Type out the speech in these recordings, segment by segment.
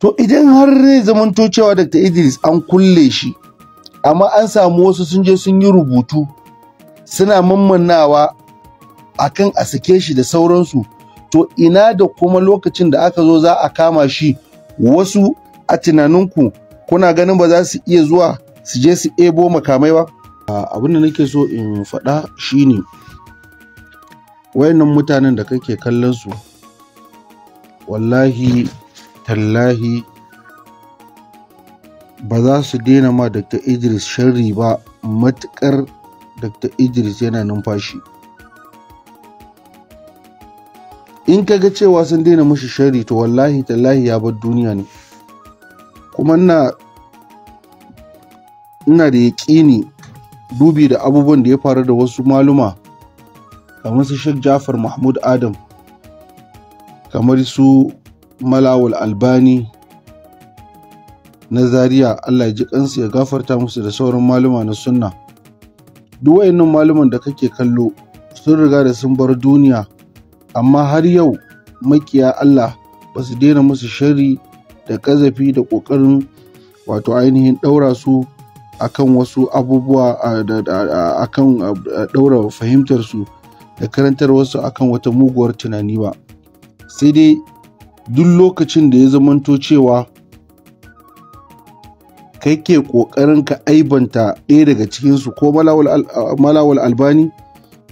to idan har zai zamanto cewa dr idris an kulle shi amma an samu wasu sun je sun yi rubutu suna mammanawa akan a sake shi da sauransu to ina da kuma lokacin da aka zo za a kama shi wasu a tunaninku kuna ganin ba za su iya zuwa su je su ebo makamai ba abin da nake so in faɗa ne. wayannan mutanen da kake kallon su wallahi tallahi ba za su daina ma dr idris sharri ba matukar dr idris yana numfashi in ka ga cewa sun daina mashi sharri to wallahi tallahi ya bar duniya ne kuma ina ina da yaƙini dubi da abubuwan da ya faru da wasu maluma kamar su Sheikh Jafar Mahmud Adam kamar su malawul albani na Zariya allah ya ji kansu ya gafarta musu da sauran maluma na sunna duk wayannan maluman da kake kallo sun riga da sun bar duniya amma har yau makiya allah ba su daina musu shari da ƙazafi da ƙoƙarin wato ainihin ɗaura su akan wasu abubuwa akan ɗaura fahimtar su da karantar wasu akan wata muguwar tunani ba sai dai duk lokacin da ya zamanto cewa kai ke ƙoƙarin ka aibanta ɗaya daga cikinsu ko malawal albani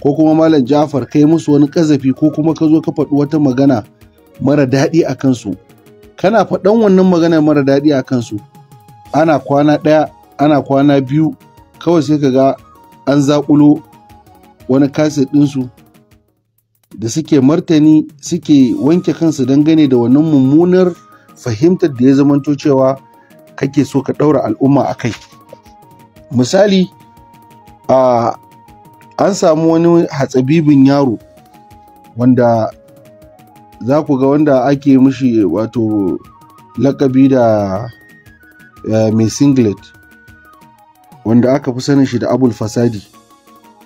ko kuma malam jafar kai musu wani ƙazafi ko kuma ka zo ka faɗi wata magana mara daɗi a kansu kana faɗan wannan magana mara daɗi a kansu ana kwana ɗaya ana kwana biyu kawai sai ka ga an zaƙulo wani kaset ɗinsu da suke martani suke wanke kansu dangane da wannan mummunar fahimtar da ya zamanto cewa kake so ka ɗaura al'umma a kai misali a an samu wani hatsabibin yaro wanda za ku ga wanda ake mishi wato lakabi da e, mai singlet wanda aka fi sanin shi da abul fasadi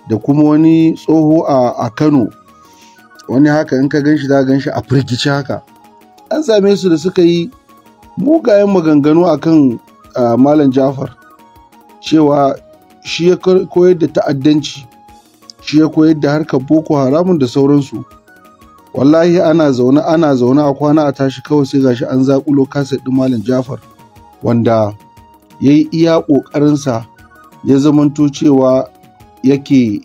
da kuma wani tsoho a kano wani haka in ka gan shi za gan shi a firgici haka an same su da suka yi mugayen maganganu a kan malam jafar cewa shi ya koyar da ta'addanci shi ya koyar da harkar boko haramun da sauransu wallahi ana zaune ana zaune a kwana a tashi kawai sai gashi an zaƙulo kaset ɗin malam jafar wanda ya yi iya ƙoƙarinsa ya zamanto cewa yake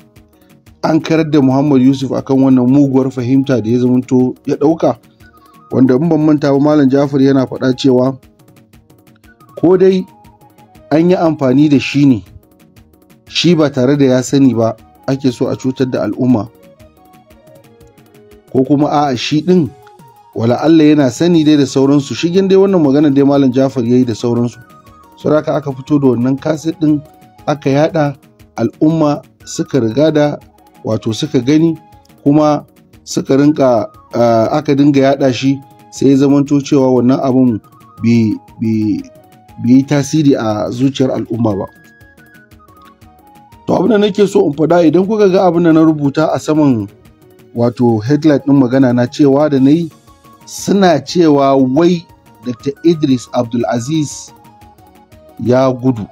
an karar da muhammad yusuf akan wannan muguwar fahimta da ya zamanto ya ɗauka wanda in ban manta ba malam jafar yana faɗa cewa ko dai an yi amfani da shi ne shi ba tare da ya sani ba ake so a cutar da al'umma ko kuma a'a shi ɗin wala Allah yana sani dai da sauransu shigin dai wannan magana dai malam jafar ya yi da sauransu saboda aka fito da wannan kaset ɗin aka yada al'umma suka riga da wato suka gani kuma suka rinka eh, aka dinga yada shi sai ya zamanto cewa wannan abin bai yi tasiri a zuciyar al'umma ba to abin da nake so in faɗa idan kuka ga abin da na rubuta a saman wato headline din magana na cewa da na yi suna cewa wai dr idris abdulaziz ya gudu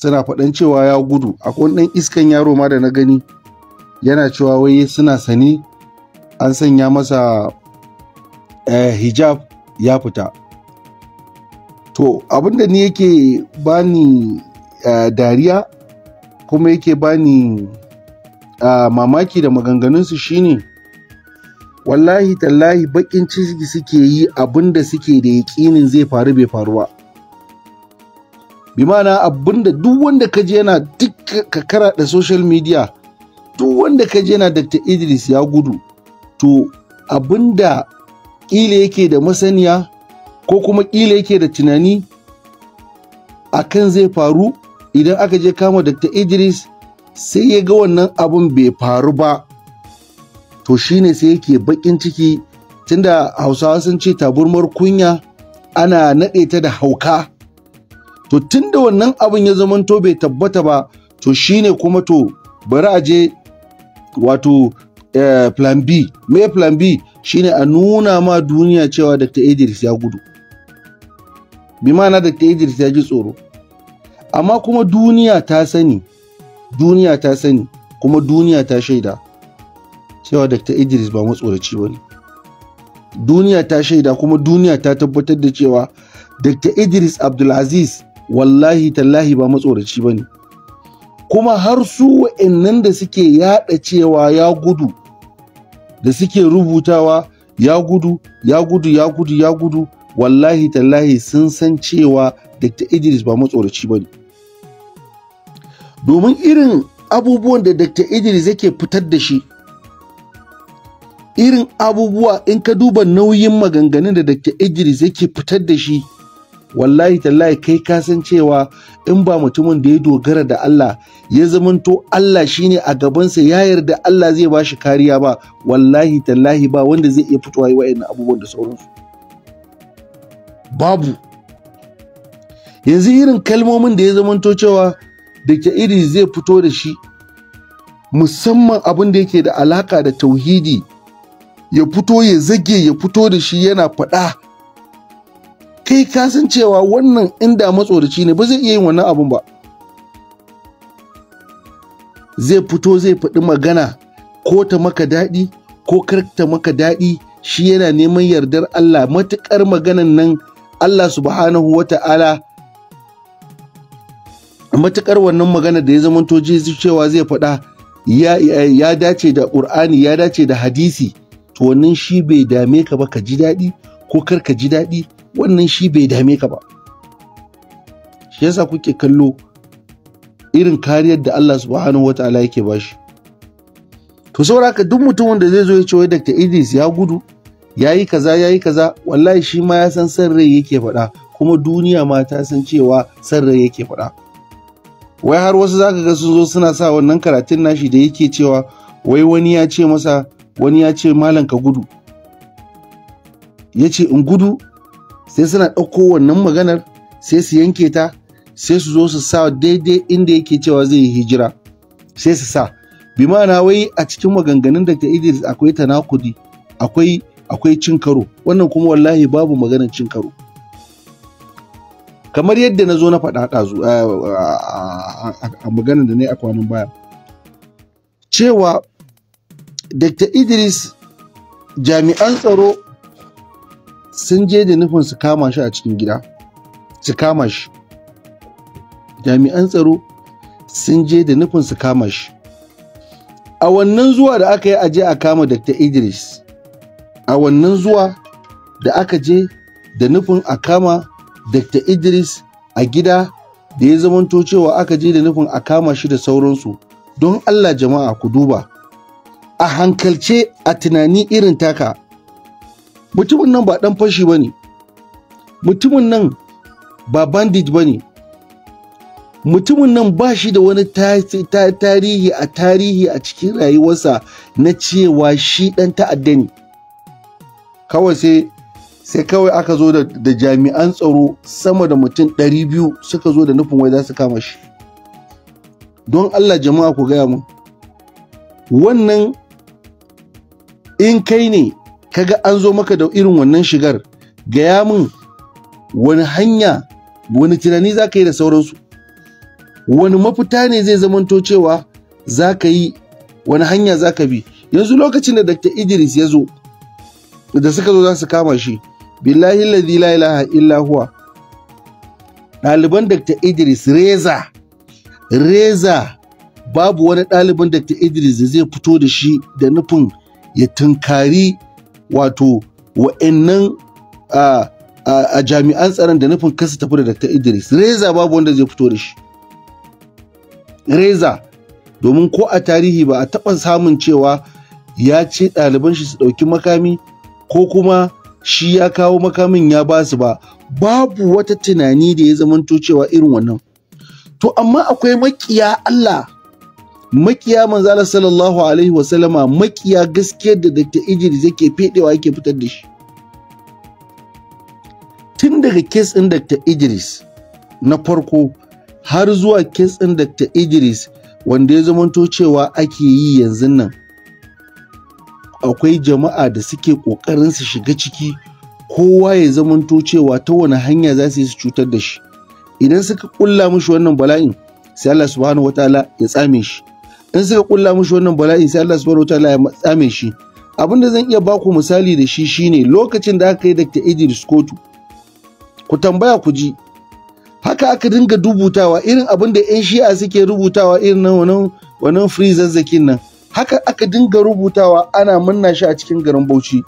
suna faɗan cewa ya gudu akwai ɗan iskan yaro ma da na gani yana cewa wai suna sani an sanya masa eh, hijab ya fita to abinda ni yake bani eh, dariya kuma yake bani eh, mamaki da maganganunsu shine wallahi tallahi bakin ciki suke yi abinda suke da yaƙinin zai faru bai faru ba bi mana abinda duk wanda ka je yana duk ka kara da social media duk wanda ka je yana dr idris ya gudu to abinda kila yake da masaniya ko kuma kila yake da tunani a kan zai faru idan aka je kama dr idris sai ya ga wannan abin bai faru ba to shi ne sai yake baƙin ciki tunda hausawa sun ce taburmar kunya ana naɗe ta da hauka to tunda wannan abin ya zamanto bai tabbata ba to shine kuma to bari a je wato eh, plan b me plan b shine a nuna ma duniya cewa dr idris ya gudu bi ma'ana dr idris ya ji tsoro amma kuma duniya ta sani duniya ta sani kuma duniya ta shaida cewa dr idris ba matsoraci ba ne duniya ta shaida kuma duniya ta tabbatar da cewa dr idris abdulaziz wallahi tallahi ba matsoraci ba ne kuma har su wa'annan da suke yada cewa ya gudu da suke rubutawa ya gudu ya gudu ya gudu ya gudu wallahi tallahi sun san cewa dr idris ba matsoraci ba ne domin irin abubuwan da dr idris yake fitar da shi irin abubuwa in ka duba nauyin maganganun da dr idris yake fitar da shi wallahi tallahi kai ka san cewa in ba mutumin da ya dogara da Allah ya zamanto Allah shine a gabansa ya yarda Allah zai ba shi kariya ba wallahi tallahi ba wanda zai iya fitowa yi wa'annan abubuwan da sauransu babu yanzu irin kalmomin da ya zamanto cewa da ke iri zai fito da shi musamman abin da yake da alaka da tauhidi ya fito ya zage ya fito da shi yana faɗa kai ka san cewa wannan inda matsoraci ne ba zai iya yin wannan abun ba zai fito zai faɗi magana ko ta maka daɗi ko karkata maka daɗi shi yana neman yardar Allah matuƙar maganan nan Allah subhanahu wa ta'ala matuƙar wannan magana da ya zamanto cewa zai faɗa ya dace da ƙur'ani ya dace da hadisi to wannan shi bai dame ka ba ka ji daɗi ko kar ka ji daɗi wannan shi bai dame ka ba shi yasa kuke kallo irin kariyar da Allah subhanahu wata'ala yake bashi to sauraka duk mutum wanda zai zo ya ce wai Dr. Idris ya gudu ya yi kaza ya yi kaza wallahi shi ma ya san san rai yake faɗa kuma duniya ma ta san cewa san rai yake faɗa wai har wasu zaka ga sun zo suna sa wannan karatun nashi da yake cewa wai wani ya ce masa wani ya ce malam ka gudu ya ce in gudu sai suna ɗauko wannan maganar sai su yanke ta sai su zo su sa daidai inda yake cewa zai yi hijira sai su sa bi ma'ana wai a cikin maganganun Dr. Idris akwai tanakudi akwai akwai cin karo wannan kuma wallahi babu maganar cin karo kamar yadda na zo na faɗa eh, a maganar da na yi a kwanan baya cewa Dr. Idris jami'an tsaro sun je da nufin su kama shi a cikin gida su kama shi jami'an tsaro sun je da nufin su kama shi a wannan zuwa da aka yi aje a kama dr idris a wannan zuwa da aka je da nufin a kama dr idris a gida da ya zamanto cewa aka je da nufin a kama shi da sauransu don allah jama'a ku duba a hankalce a tunani irin taka mutumin nan ba dan fashi ba ne mutumin nan ba bandage ba ne mutumin nan ba shi da wani tarihi a tarihi a cikin rayuwarsa na cewa shi ɗan ta'adda ne kawai sai sai kawai aka zo da jami'an tsaro sama da mutum 200 suka zo da nufin wai za su kama shi don allah jama'a ku gaya mun wannan in kai ne kaga an zo maka da irin wannan shigar gaya min wani hanya wani tunani za ka yi da sauransu wani mafita ne zai zamanto cewa za ka yi wani hanya za ka bi yanzu lokacin da dr idris ya zo da suka zo za su kama shi billahi ladhi la ilaha illa huwa ɗaliban dr idris reza reza babu wani ɗalibin dr idris da zai fito da shi da nufin ya tunkari wato wa'annan a jami'an tsaron da nufin kasa tafi da Dr. Idris reza babu wanda zai fito da shi reza domin ko a tarihi ba a taɓa samun cewa ya ce ɗaliban shi su ɗauki makami ko kuma shi ya kawo makamin ya ba su ba babu wata tunani da ya zamanto cewa irin wannan to amma akwai makiya Allah makiya manzala sallallahu alaihi wasallama makiya gaskiyar da Dr. Idris yake fedewa yake fitar da shi tun daga kes ɗin Dr. Idris na farko har zuwa kes ɗin Dr. Idris wanda ya zamanto cewa ake yi yanzu nan akwai jama'a da suke ƙoƙarin su shiga ciki kowa ya zamanto cewa ta wani hanya za su yi su cutar da shi idan suka ƙulla mishi wannan bala'in sai Allah subhanahu wataala ya tsame shi in suka kulla mushi wannan bala'i sai Allah subhanahu wataala ya tsame shi abin da zan iya ba ku misali da shi shine lokacin da aka yi Dr. Idris Kotu ku tambaya ku ji haka aka dinga dubutawa irin abin da 'yan shi'a suke rubutawa irin nan wannan wannan free zazzakin nan haka aka dinga rubutawa ana manna shi a cikin garin Bauchi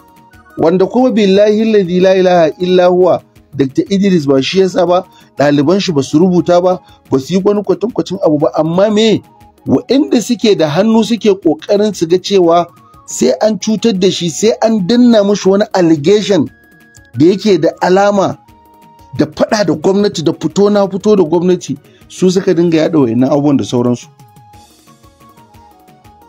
wanda kuma billahi la ilaha illa huwa Dr. Idris ba shi yasa ba ɗaliban shi ba su rubuta ba ba su yi wani kwatankwacin abu ba amma me wa'inda suke da hannu suke ƙoƙarin su ga cewa sai an cutar da shi sai an danna mushi wani allegation da yake da alama da faɗa da gwamnati da fito na fito da gwamnati su suka dinga yaɗa wa'innan abubuwan da sauransu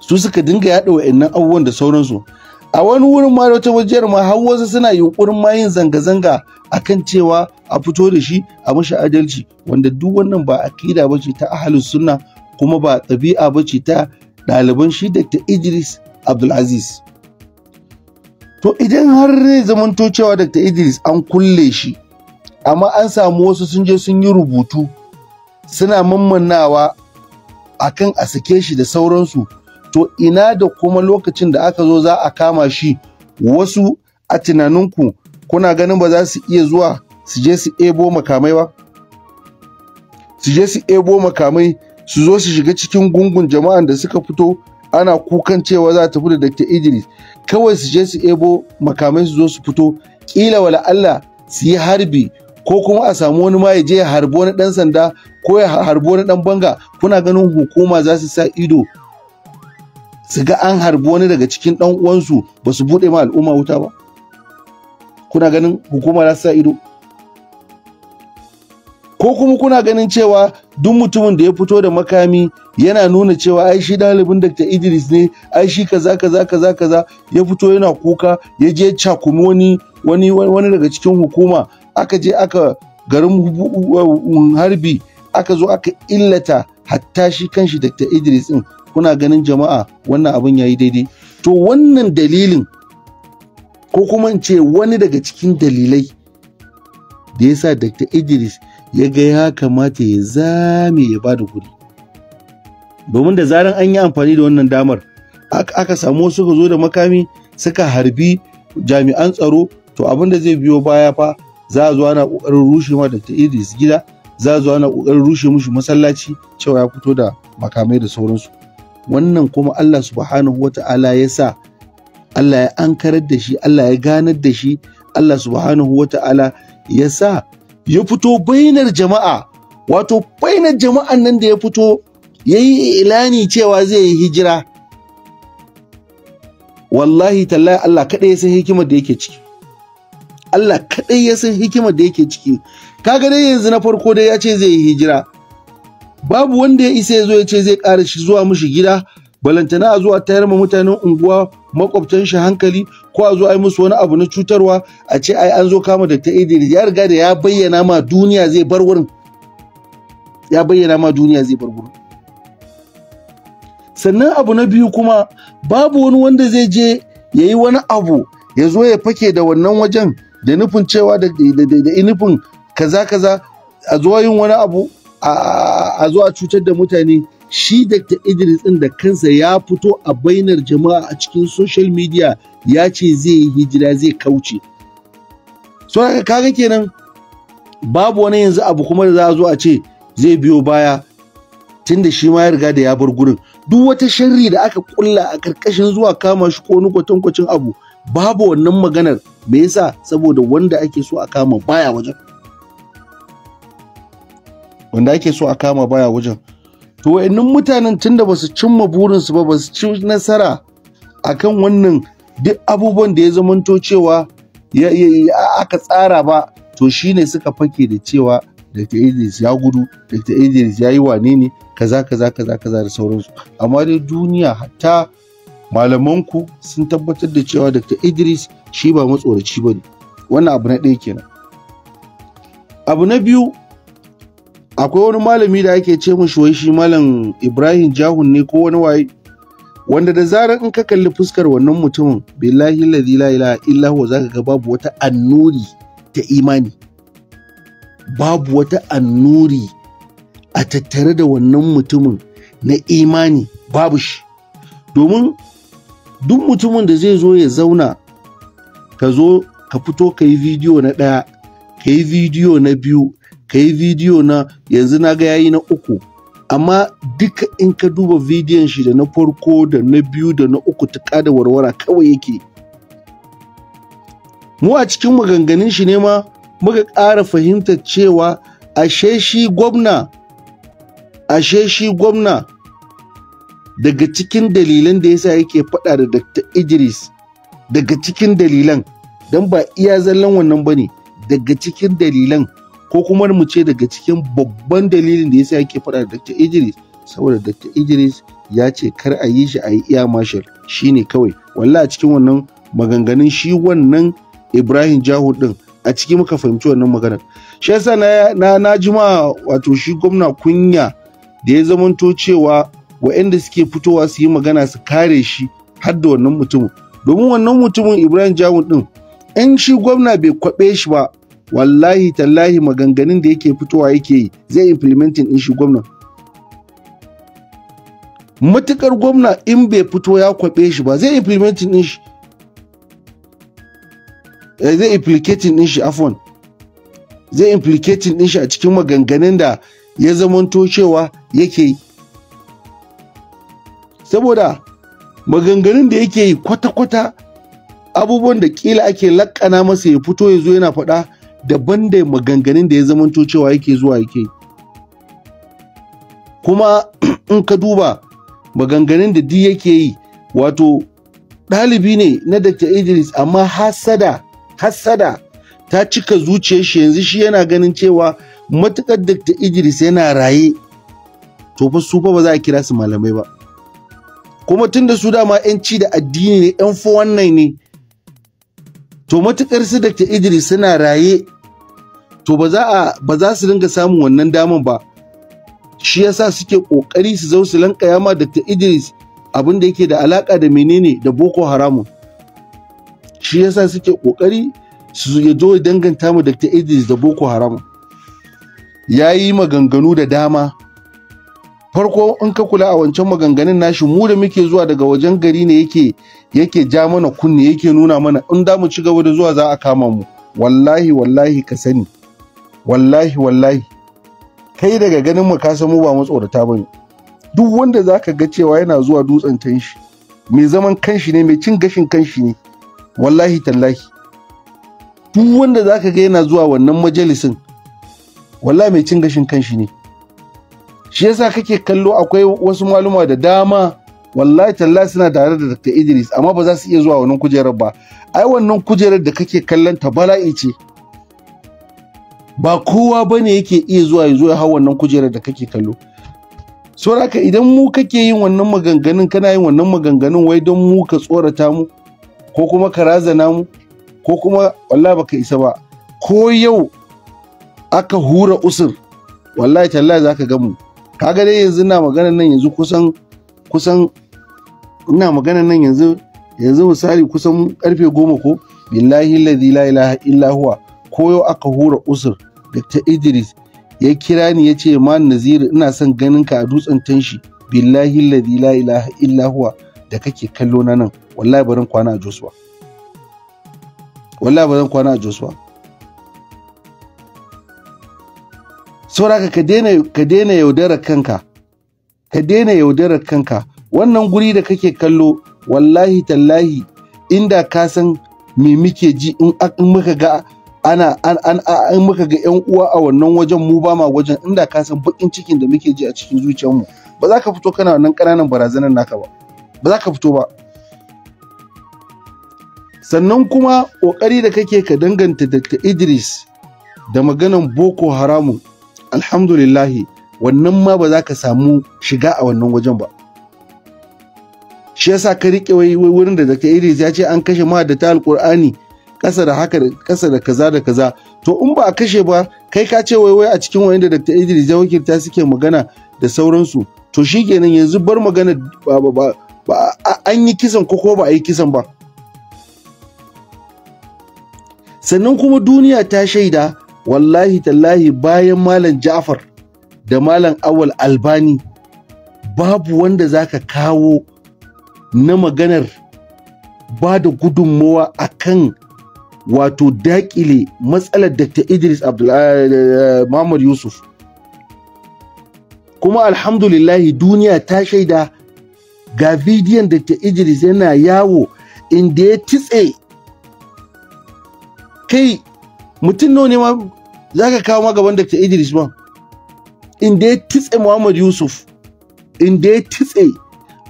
su suka dinga yada wa'innan abubuwan da sauransu a wani wurin ma wata wajiyar ma har wasu suna yunkurin ma yin zanga-zanga akan cewa a fito da shi a mashi adalci wanda duk wannan ba akida ba ce ta ahalus sunna kuma ba ɗabi'a ba ce ta ɗaliban shi Dr. Idris Abdulaziz. To idan har zai zamanto cewa Dr. Idris an kulle shi, amma an samu wasu sun je sun yi rubutu suna mammanawa akan a sake shi da sauransu, to ina da kuma lokacin da aka zo za a kama shi wasu a tunaninku kuna ganin ba za su iya zuwa su je su ebo makamai ba? Su je su ebo makamai su zo su shiga cikin gungun jama'an da suka fito ana kukan cewa za ta fi da Dr. Idris kawai su je su ebo makamai su zo su fito kila wala Allah su yi harbi ko kuma a samu wani ma ya je ya harbo wani dan sanda ko ya harbo wani dan banga kuna ganin hukuma za su sa ido su ga an harbi wani daga cikin dan uwansu ba su bude ma al'umma wuta ba kuna ganin hukuma za su sa ido ko kuma kuna ganin cewa duk mutumin da ya fito da makami yana nuna cewa ai shi ɗalibin Dr. Idris ne ai shi kaza kaza kaza kaza ya fito yana kuka ya je cakumi wani wani wani daga cikin hukuma aka je aka garin harbi aka zo aka illata hatta shi kanshi Dr. Idris din kuna ganin jama'a wannan abin yayi daidai to wannan dalilin ko kuma in ce wani daga cikin dalilai da yasa Dr. Idris ya ga ya kamata ya zame ya ba da kuɗi domin da zaran an yi amfani da wannan damar aka samu wasu ka zo da makami suka harbi jami'an tsaro to abin da zai biyo baya fa za a zo ana ƙoƙarin rushe ma da Idris gida za a zo ana ƙoƙarin rushe mushi masallaci cewa ya fito da makamai da sauransu wannan kuma Allah subhanahu wata'ala ya sa Allah ya ankarar da shi Allah ya ganar da shi Allah subhanahu wata'ala ya sa ya fito bainar jama'a wato bainar jama'an nan da ya fito ya yi ilani cewa zai yi hijira wallahi tallahi Allah kaɗai ya san hikimar da yake ciki Allah kaɗai ya san hikimar da yake ciki kaga dai yanzu na farko dai ya ce zai yi hijira babu wanda ya isa ya zo ya ce zai ƙara shi zuwa mushi gida balantana a zuwa tayar ma mutanen unguwa makwabtan shi hankali ko a zo a yi musu wani abu na cutarwa a ce ai an zo kama ta Idris ya riga da ya bayyana ma duniya zai bar wurin ya bayyana ma duniya zai bar wurin sannan abu na biyu kuma babu wani wanda zai je ya yi wani abu ya zo ya fake da wannan wajen da nufin cewa da nufin kaza kaza a zo yin wani abu a zo a cutar da mutane shi Dr. Idris ɗin da kansa ya fito a bainar jama'a a cikin social media ya ce zai yi hijira zai kauce. So haka kaga kenan babu wani yanzu abu kuma da za a zo a ce zai biyo baya tun da shi ma ya riga da ya bar gurin. Duk wata sharri da aka kulla a karkashin zuwa kama shi ko wani kwatankwacin abu babu wannan maganar me yasa saboda wanda ake so a kama baya wajen. Wanda ake so a kama baya wajen. to wayannan mutanen tun da ba su cimma burinsu ba ba su ci nasara a kan wannan duk abubuwan da ya zamanto cewa ya aka tsara ba to shi ne suka fake da cewa Dr. Idris ya gudu Dr. Idris ya yi wane ne kaza kaza kaza kaza da sauransu amma dai duniya hatta malamanku sun tabbatar da cewa Dr. Idris shi ba matsoraci ba ne wannan abu na ɗaya kenan abu na biyu akwai wani malami da ake ce mashi wai shi malam ibrahim jahun ne ko wani waye wanda da zarar in ka kalli fuskar wannan mutumin billahi ladhi la ilaha illa huwa zaka ga babu wata annuri ta imani babu wata annuri a tattare da wannan mutumin na imani babu shi domin duk mutumin da zai zo ya zauna ka zo ka fito ka yi bidiyo na ɗaya ka yi bidiyo na biyu ka yi bidiyo na yanzu na ga yayi na uku amma duka in ka duba bidiyon shi da na farko da na biyu da na uku ta da warwara kawai yake mu a cikin maganganun shi ne ma muka ƙara fahimtar cewa ashe shi gwamna ashe shi gwamna daga cikin dalilan da yasa yake faɗa da Dr. Idris daga cikin dalilan don ba iya zallan wannan bane daga cikin dalilan ko kuma mu ce daga cikin babban dalilin da ya sa yake faɗa da Dr. Idris saboda Dr. Idris ya ce kar a yi shi a yi iya marshal shine kawai wallahi a cikin wannan maganganun shi wannan Ibrahim Jahu din a ciki muka fahimci wannan maganar shi yasa na na, na jima wato shi gwamna kunya da ya zamanto cewa waɗanda suke fitowa su yi magana su kare shi har da wannan mutumin domin wannan mutumin Ibrahim Jahu din in shi gwamna bai kwabe shi ba wallahi tallahi maganganun da yake fitowa yake yi zai implementing din shi gwamna matukar gwamna in bai fito ya kwabe shi ba zai implementing din shi eh, zai implicating din shi afon zai implicating din shi a cikin maganganun da ya zamanto cewa yake yi saboda maganganun da yake yi kwata-kwata abubuwan da kila ake lakana masa ya fito ya zo yana faɗa daban da maganganun da ya zamanto cewa yake zuwa yake kuma in ka duba maganganun da di yake yi wato ɗalibi ne na dr idris amma hasada hasada ta cika zuciya shi yanzu shi yana ganin cewa matuƙar dr idris yana raye to fa su fa ba za a kira su malamai ba kuma tun da su dama 'yanci da addini ne 'yan 419 ne to matukar su Dr. idris suna raye to ba za a su dinga samun wannan daman ba shi yasa suke kokari su zo su lankaya ma Dr. Idris abin da yake da alaka da menene da Boko Haram shi yasa suke kokari su ya zo danganta mu Dr. Idris da Boko Haram ya yi maganganu da dama farko in ka kula a wancan maganganun nashi mu da muke zuwa daga wajen gari ne yake yake ja mana kunne yake nuna mana in da mu ci gaba da zuwa za a kama mu wallahi wallahi ka sani wallahi wallahi kai daga ganin mu ka mu ba matsorata bane duk wanda zaka ga cewa yana zuwa dutsen tanshi mai zaman kanshi ne mai cin gashin kanshi ne wallahi tallahi duk wanda zaka ga yana zuwa wannan majalisin wallahi mai cin gashin kanshi ne shi yasa kake kallo akwai wasu maluma da dama wallahi tallahi suna tare da Dr. Idris amma ba za su iya zuwa wannan kujerar ba ai wannan kujerar da kake kallon ta bala'i ce ba kowa ba ne yake iya zuwa ya zo ya hau wannan kujerar da kake kallo saboda idan mu kake yin wannan maganganun kana yin wannan maganganun wai don mu ka tsorata mu ko kuma ka razana mu ko kuma wallahi baka isa ba ko yau aka hura usur wallahi tallahi zaka ga mu kaga dai yanzu na magana nan yanzu kusan kusan ina magana nan yanzu yanzu misali kusan karfe goma ko billahi la ilaha illa huwa ko yau aka hura usur ta Idris ya kira ni ya ce man Naziru ina son ganin ka a dutsen tanshi billahi ladhi la ilaha illa huwa da kake kallo na nan wallahi barin kwana a Joshua wallahi barin kwana a Joshua saboda ka daina ka daina yaudarar kanka ka daina yaudara kanka wannan guri da kake kallo wallahi tallahi inda ka san me muke ji in muka ga ana an an an muka ga yan uwa a wannan wajen mu ba ma wajen inda ka san bakin cikin da muke ji a cikin zuciyarmu ba za ka fito kana nan ƙananan barazanar naka ba ba za ka fito ba sannan kuma ƙoƙari da kake ka danganta da Idris da maganan Boko Haramu lillahi wannan ma ba za ka samu shiga a wannan wajen ba shi yasa ka rike wai wurin da Dr. Idris ya ce an kashe ma da ta alƙur'ani Kasa da haka da kasa da kaza da kaza to in ba a kashe ba kai ka ce wai wai a cikin wayanda Dr. Idris Jawakir ta suke magana da sauransu to shi shikenan yanzu bar magana ba ba ba an yi kisan ko ko ba a yi kisan ba sannan kuma duniya ta shaida wallahi tallahi bayan malam Ja'far da malam Awal Albani babu wanda zaka kawo na maganar ba da gudunmowa a kan wato dakile matsalar Dr. Idris eh, eh, Muhammad Yusuf kuma alhamdulillahi duniya ta shaida ga bidiyon Dr. Idris yana yawo inda ya titse kai mutum nawa ne ma za ka kawo magaban Dr. Idris ma inda ya titse Muhammad Yusuf inda ya titse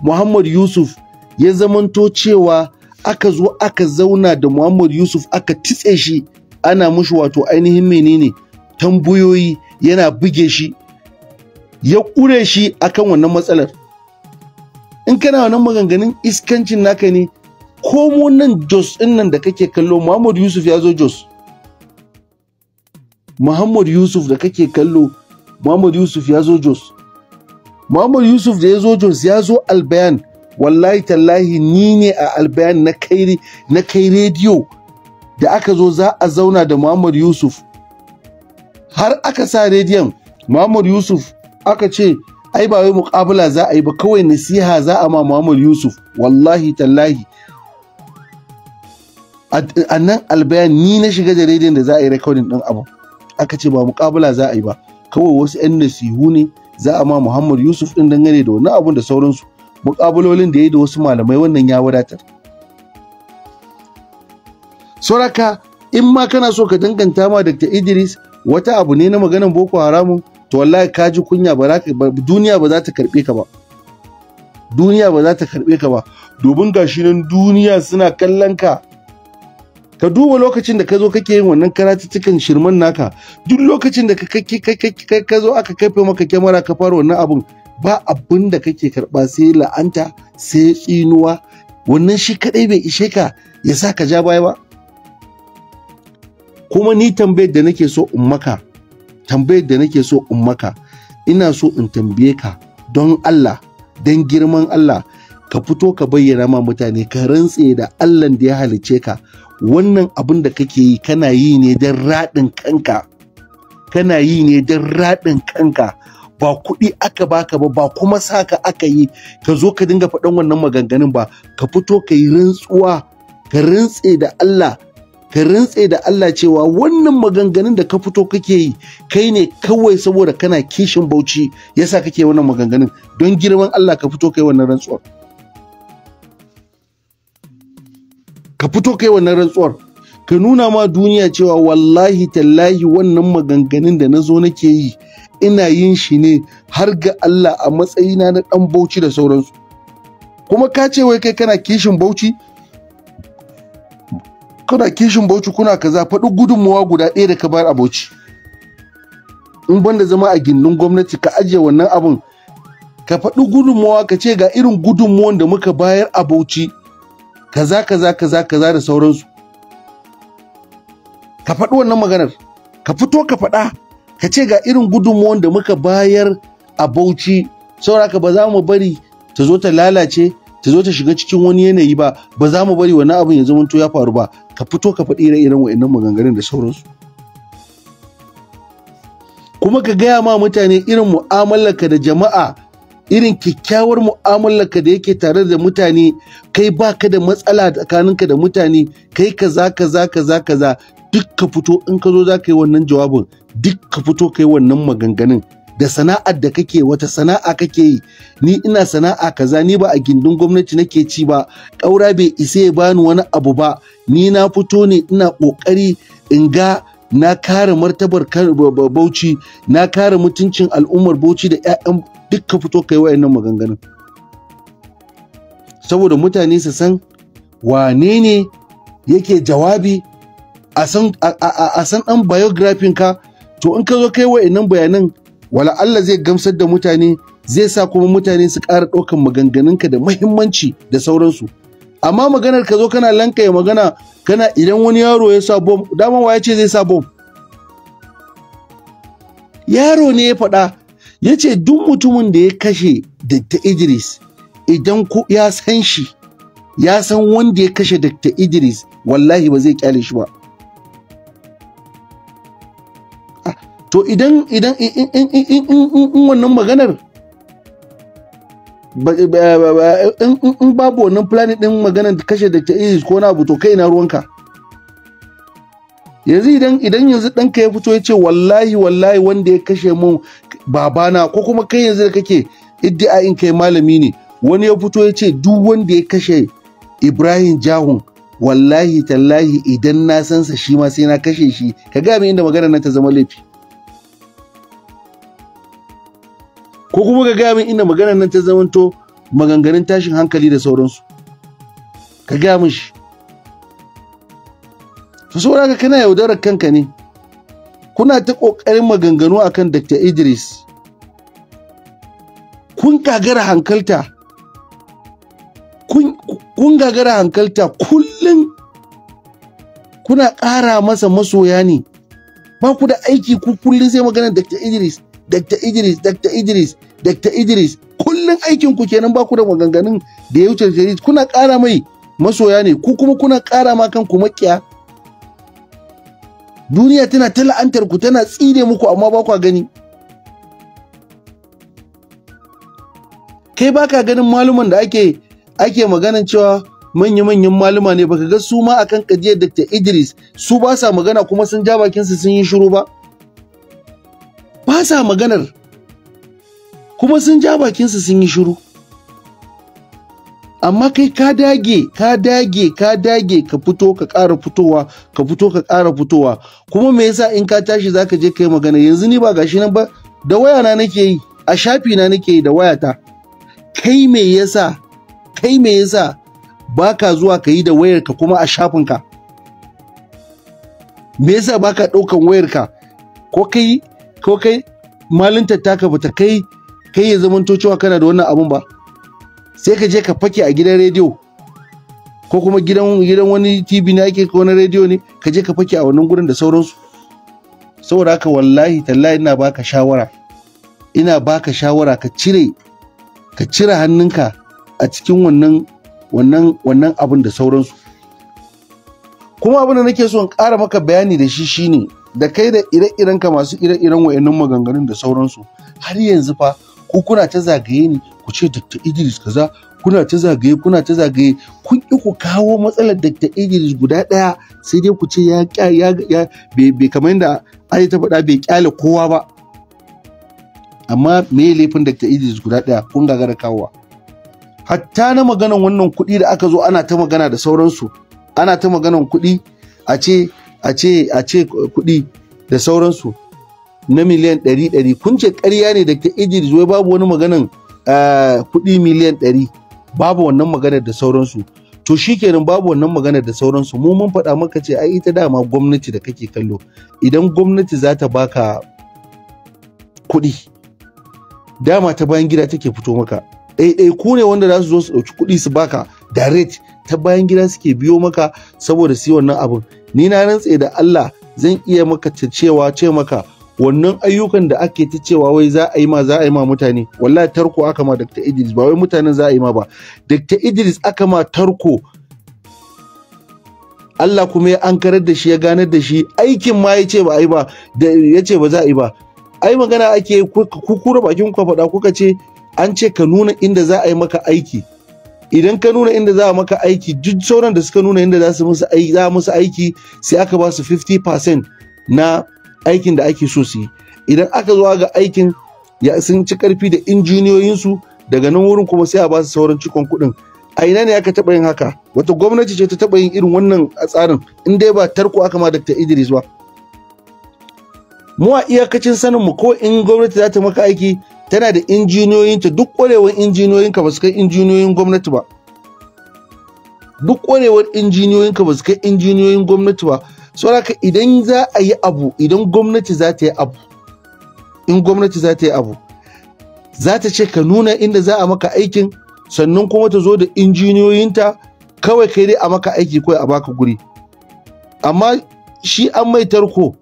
Muhammad Yusuf ya zamanto cewa aka zo aka zauna da Muhammad Yusuf aka titse shi ana mushi wato ainihin menene tambayoyi yana buge shi ya ƙure shi akan wannan matsalar in kana wannan maganganun iskancin naka ne komo nan Jos din nan da kake kallo Muhammad Yusuf ya zo Jos Muhammad Yusuf da kake kallo Muhammad Yusuf ya zo Jos Muhammad Yusuf da ya zo Jos ya zo Albayan wallahi tallahi ni ne a albayan na kai na kai rediyo da aka zo za a zauna da Muhammad Yusuf har aka sa rediyon Muhammad Yusuf aka ce ai ba wai muqabala za a yi ba kawai nasiha za a ma Muhammad Yusuf wallahi tallahi a nan albayan ni na shiga da rediyon da za a yi recording din abu aka ce ba muqabala za a yi ba kawai wasu 'yan nasihu ne za a ma Muhammad Yusuf ɗin dangane da wani abun da sauransu Mukabulolin da ya yi da wasu malamai wannan ya wadatar Soraka, in ma kana so ka danganta ma dr idris wata abu ne na maganar boko haramun to wallahi ka ji kunya ba duniya ba za ta karbe ka ba duniya ba za ta karbe ka ba domin gashi nan duniya suna kallon ka ka duba lokacin da ka zo kake yin wannan karatuttukan shirman naka duk lokacin da ka zo aka kafe maka kyamara ka fara wannan abun ba abin da kake karɓa sai la'anta sai tsinuwa wannan shi kaɗai bai ishe ka ya sa ka ja baya ba kuma ni tambayar da nake so in maka tambayar da nake so in maka ina so in tambaye ka don Allah don girman Allah ka fito ka bayyana ma mutane ka rantse da Allah da ya halice ka wannan abin da kake yi kana yi ne don raɗin kanka kana yi ne don raɗin kanka ba kuɗi aka baka ba ba kuma saka aka yi ka zo ka dinga faɗan wannan maganganun ba ka fito ka yi rantsuwa ka rantse da Allah ka rantse da Allah cewa wannan maganganun da ka fito kake yi kai ne kawai saboda kana kishin bauchi yasa kake wannan maganganun don girman Allah ka fito kai wannan rantsuwar ka fito kai wannan rantsuwar ka nuna ma duniya cewa wallahi tallahi wannan maganganun da nazo nake yi ina yin shi ne har ga Allah a matsayina na ɗan bauchi da sauransu kuma ka ce wai kai kana kishin bauchi kuna kishin bauchi kuna kaza faɗi gudunmuwa guda ɗaya da ka bayar a bauchi in banda zama a gindin gwamnati ka ajiye wannan abin ka faɗi gudunmuwa ka ce ga irin gudunmuwan da muka bayar a bauchi kaza kaza kaza kaza da sauransu ka faɗi wannan maganar ka fito ka faɗa ka ce ga irin gudunmuwan da muka bayar a bauchi sauraka ba za mu bari ta zo ta lalace ta zo ta shiga cikin wani yanayi ba ba za mu bari wani abin ya to ya faru ba ka fito ka faɗi ire iren wa'annan maganganun da sauransu kuma ka gaya ma mutane irin mu'amalarka da jama'a irin kyakkyawar mu'amalarka da yake tare da mutane kai baka da matsala tsakaninka da mutane kai kaza kaza kaza kaza dukka fito in ka zo za ka yi wannan jawabin duk ka fito ka yi wannan maganganun da sana'ar da kake wata sana'a kake yi ni ina sana'a kaza ni ba a gindin gwamnati nake ci ba ƙaura bai isa ya bani wani abu ba ni na fito ne ina ƙoƙari in ga na kare martabar bauchi na kare mutuncin al'ummar bauchi da 'ya'yan duk ka fito kai maganganun saboda mutane su san wane ne yake jawabi a san ɗan biografin ka to in ka zo kai wa inan bayanan wala Allah zai gamsar da mutane zai sa kuma mutane su ƙara ɗaukan maganganunka da mahimmanci da sauransu amma maganar ka zo kana lankaya magana kana idan wani yaro ya sa bom dama wa ya ce zai sa bom yaro ne ya faɗa ya ce duk mutumin da ya kashe Dr. Idris idan ku ya san shi ya san wanda ya kashe Dr. Idris wallahi ba zai kyale shi ba to idan idan in wannan maganar in babu wannan planet din maganar kashe da ta ko na abu to kai na ruwanka yanzu idan idan yanzu ɗanka ya fito ya ce wallahi wallahi wanda ya kashe mun babana ko kuma kai yanzu da kake in kai malami ne wani ya fito ya ce duk wanda ya kashe ibrahim jahun wallahi tallahi idan na sansa shi ma sai na kashe shi ka gaya inda maganar nan ta zama laifi ko kuma ka gami min inda maganar nan ta zamanto maganganun tashin hankali da sauransu ka gaya min shi su saura ka kana yaudarar kanka ne kuna ta ƙoƙarin maganganu akan dr idris kun gagara hankalta kun gagara hankalta kullum kuna ƙara masa masoya ne ba ku da aiki ku kullum sai maganar dr idris Dr. Idris Dr. Idris Dr. Idris kullum aikin ku kenan ba ku da maganganun da ya wuce Idris kuna ƙara mai masoya ne ku kuma kuna ƙara ma kanku makiya duniya tana ta la'antar ku tana tsine muku amma ba kwa gani kai baka ganin maluman da ake ake maganan cewa manya-manyan maluma ne baka ga su ma akan kajiyar Dr. Idris su ba sa magana kuma sun ja bakinsu sun yi shiru ba ba sa maganar kuma sun ja bakinsu sun yi shiru amma kai ka dage ka dage ka dage ka fito ka ƙara fitowa ka fito ka ƙara fitowa kuma me yasa in ka tashi zaka je kai magana yanzu ni ba gashi nan ba da waya na nake yi a shafi na nake yi da wayata kai me yasa kai me yasa baka zuwa ka yi da wayarka kuma a shafin ka me yasa baka ɗaukan wayarka ko kai ko kai tattaka ba ta kai kai ya zamanto cewa kana da wannan abun ba sai ka je ka fake a gidan rediyo ko kuma gidan gidan wani TV ne ake ko na rediyo ne ka je ka fake a wannan gurin da sauransu saboda haka wallahi tallahi ina baka shawara ina baka shawara ka cire ka cire hannunka a cikin wannan wannan wannan abin da sauransu kuma abin da nake so in ƙara maka bayani da shi shine da kai da ire-irenka masu ire-iren wa'annan maganganun da sauransu har yanzu fa ku kuna ta zagaye ne ku ce Dr. Idris kaza kuna ta zagaye kuna ta zagaye kun ki ku kawo matsalar Dr. Idris guda ɗaya sai dai ku ce ya ya ya bai kamar yadda ai ta faɗa bai kyale kowa ba amma me laifin Dr. Idris guda ɗaya kun gagara kawowa hatta na maganan wannan kuɗi da aka zo ana ta magana da sauransu ana ta maganan kuɗi a ce a ce a ce kuɗi da sauransu na miliyan ɗari ɗari kun ce ƙarya ne da ke Idris wai babu wani maganan kuɗi miliyan ɗari babu wannan maganar da sauransu to shikenan babu wannan maganar da sauransu mu mun faɗa maka ce ai ita dama gwamnati da kake kallo idan gwamnati za ta baka kuɗi dama ta bayan gida take fito maka ɗaiɗai eh, eh, ku ne wanda za su zo su ɗauki kuɗi su baka direct ta bayan gida suke biyo maka saboda su yi wannan abin ni na rantse da Allah zan iya maka ta cewa ce maka wannan ayyukan da ake ta cewa wai za a yi ma za a yi ma mutane wallahi tarko aka ma Dr. Idris ba wai mutanen za a yi ma ba Dr. Idris aka ma tarko Allah kuma ya ankarar da shi ya ganar da shi aikin ma ya ce ba a yi ba ya ce ba za a yi ba ai magana ake kukura bakin ku faɗa kuka ce an ce ka nuna inda za a yi maka aiki idan ka nuna inda za a maka aiki duk sauran da suka nuna inda za su musu aiki za musu aiki sai aka ba su 50% na aikin da ake so su yi idan aka zo ga aikin ya sun ci karfi da injiniyoyinsu daga nan wurin kuma sai a ba su sauran cikon kuɗin a ina ne aka taɓa yin haka wata gwamnati ce ta taɓa yin irin wannan tsarin in dai ba tarko aka ma Dr. Idris ba mu a iyakacin sanin mu ko in gwamnati za ta maka aiki tana da injiniyoyinta duk ƙwarewar injiniyoyinka ba su kai injiniyoyin gwamnati ba duk ƙwarewar injiniyoyinka ba su kai injiniyoyin gwamnati ba saboda idan za a yi abu idan gwamnati za ta yi abu in gwamnati za ta yi abu za ta ce ka nuna inda za a maka aikin sannan kuma ta zo da injiniyoyinta kawai kai dai a maka aiki kawai a baka guri amma shi an mai tarko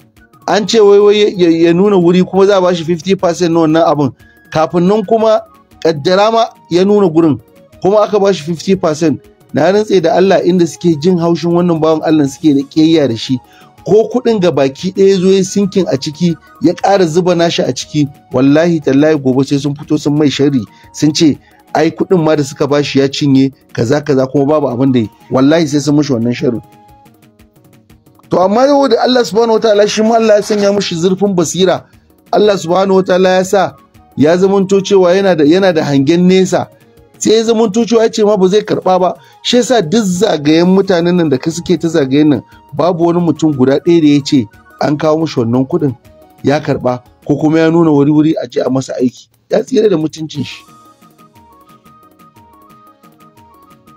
an ce wai wai ya nuna wuri kuma za a bashi 50% na wannan abin kafin nan kuma kaddara ya nuna gurin kuma aka bashi shi 50% na rantse da Allah inda suke jin haushin wannan bawan Allah suke da kiyayya da shi ko kudin ga baki ɗaya zo ya sinkin a ciki ya ƙara zuba nashi a ciki wallahi tallahi gobe sai sun fito sun mai sharri sun ce ai kudin ma da suka bashi ya cinye kaza kaza kuma babu abin da wallahi sai sun mushi wannan sharri to amma yau da Allah subhanahu wataala shi ma Allah ya sanya mushi zurfin basira Allah subhanahu wataala ya sa ya zamanto cewa yana da hangen nesa sai ya zamanto cewa ya ce ma ba zai karba ba shi yasa duk zagayen mutanen nan da ka suke ta zagayen nan babu wani mutum guda ɗaya da ya ce an kawo mashi wannan kuɗin ya karba ko kuma ya nuna wuri wuri a je a masa aiki ya tsira da mutuncin shi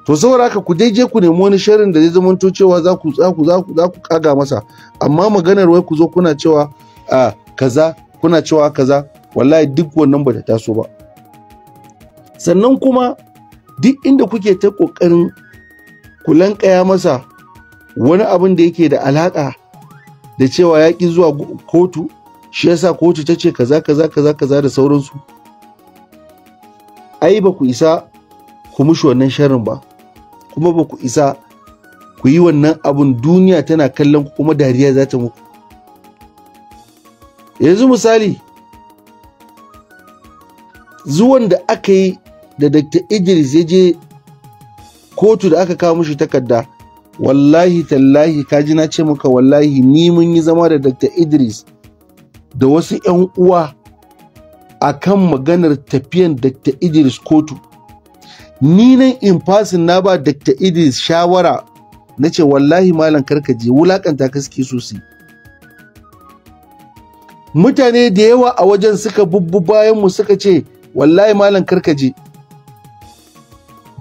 to saboda haka ku je ku nemi wani shirin da zai zamanto cewa za ku za ku za ku za ku kaga masa amma maganar wai ku zo kuna cewa a ah, kaza kuna cewa kaza wallahi duk wannan ba ta taso ba sannan kuma duk inda kuke ta ƙoƙarin kulan ƙaya masa wani abin da yake da alaƙa da cewa ya ƙi zuwa kotu shi yasa kotu ta ce kaza kaza kaza kaza da sauransu ai ba ku isa ku mushi wannan sharrin ba kuma ba ku isa ku yi wannan abin duniya tana kallon ku kuma dariya za ta muku yanzu misali zuwan da aka yi da dr idris ya je kotu da aka kawo mushi takarda wallahi tallahi kaji na ce maka wallahi ni mun yi zama da dr idris da wasu 'yan uwa a kan maganar tafiyan dr idris kotu ni nan in fasin na ba dr idris shawara na ce wallahi malam je wulakanta ka suke sosai mutane da yawa a wajen suka bubbu bayanmu suka ce wallahi malam karkaje ba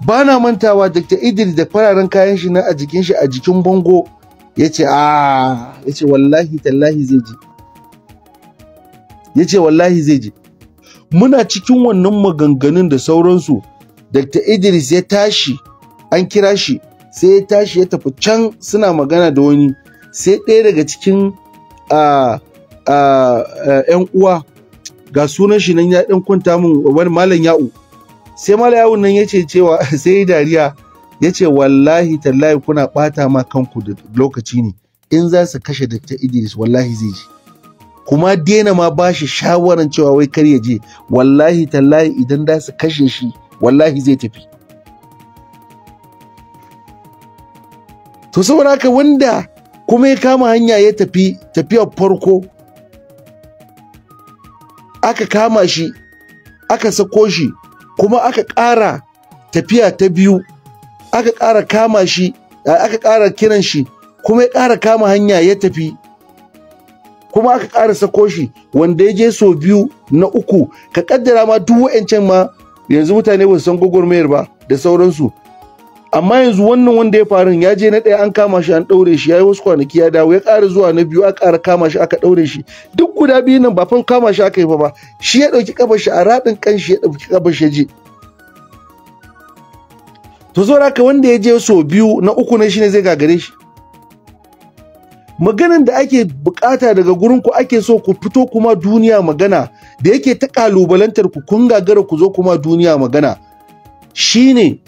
Bana mantawa dr idris da fararen kayan shi na a jikin shi a jikin bango ya ce ah, ya wallahi tallahi zai je ya wallahi zai je muna cikin wannan maganganun da sauransu dr idris ya tashi an kira shi sai ya tashi ya tafi can suna magana da wani sai ɗaya daga cikin 'yan ah, ah, eh, uwa ga sunan shi nan ya dan kwanta min wani malam ya'u sai malam ya'u nan yace cewa sai dariya yace wallahi tallahi kuna bata ma kanku da lokaci ne in za su kashe Dr. Idris wallahi zai ji kuma dena ma ba shi shawaran cewa wai kar ya je wallahi tallahi idan za su kashe shi wallahi zai tafi to saboda haka wanda kuma ya kama hanya ya tafi tafiyar farko aka kama shi aka sako shi kuma aka ƙara tafiya ta biyu aka ƙara kama shi aka ƙara kiran shi kuma ya ƙara kama hanya ya tafi kuma aka ƙara sako shi wanda ya je sau biyu na uku ka ƙaddara ma duk wa'ancan ma yanzu mutane ba su san gwagwarmayar ba da sauransu amma yanzu wannan wanda ya faru ya je na ɗaya an kama shi an ɗaure shi ya yi wasu kwanaki ya dawo ya ƙara zuwa na biyu a ƙara kama shi aka ɗaure shi duk guda biyu nan ba fan kama shi aka yi ba ba shi ya ɗauki ƙafar shi a raɗin kan shi ya ɗauki ƙafar shi ya je to zo raka wanda ya je so biyu na uku na shi ne zai gagare shi Maganin da ake bukata daga gurin ku ake so ku fito kuma duniya magana da yake ta kalubalantar ku kun gagara ku zo kuma duniya magana shine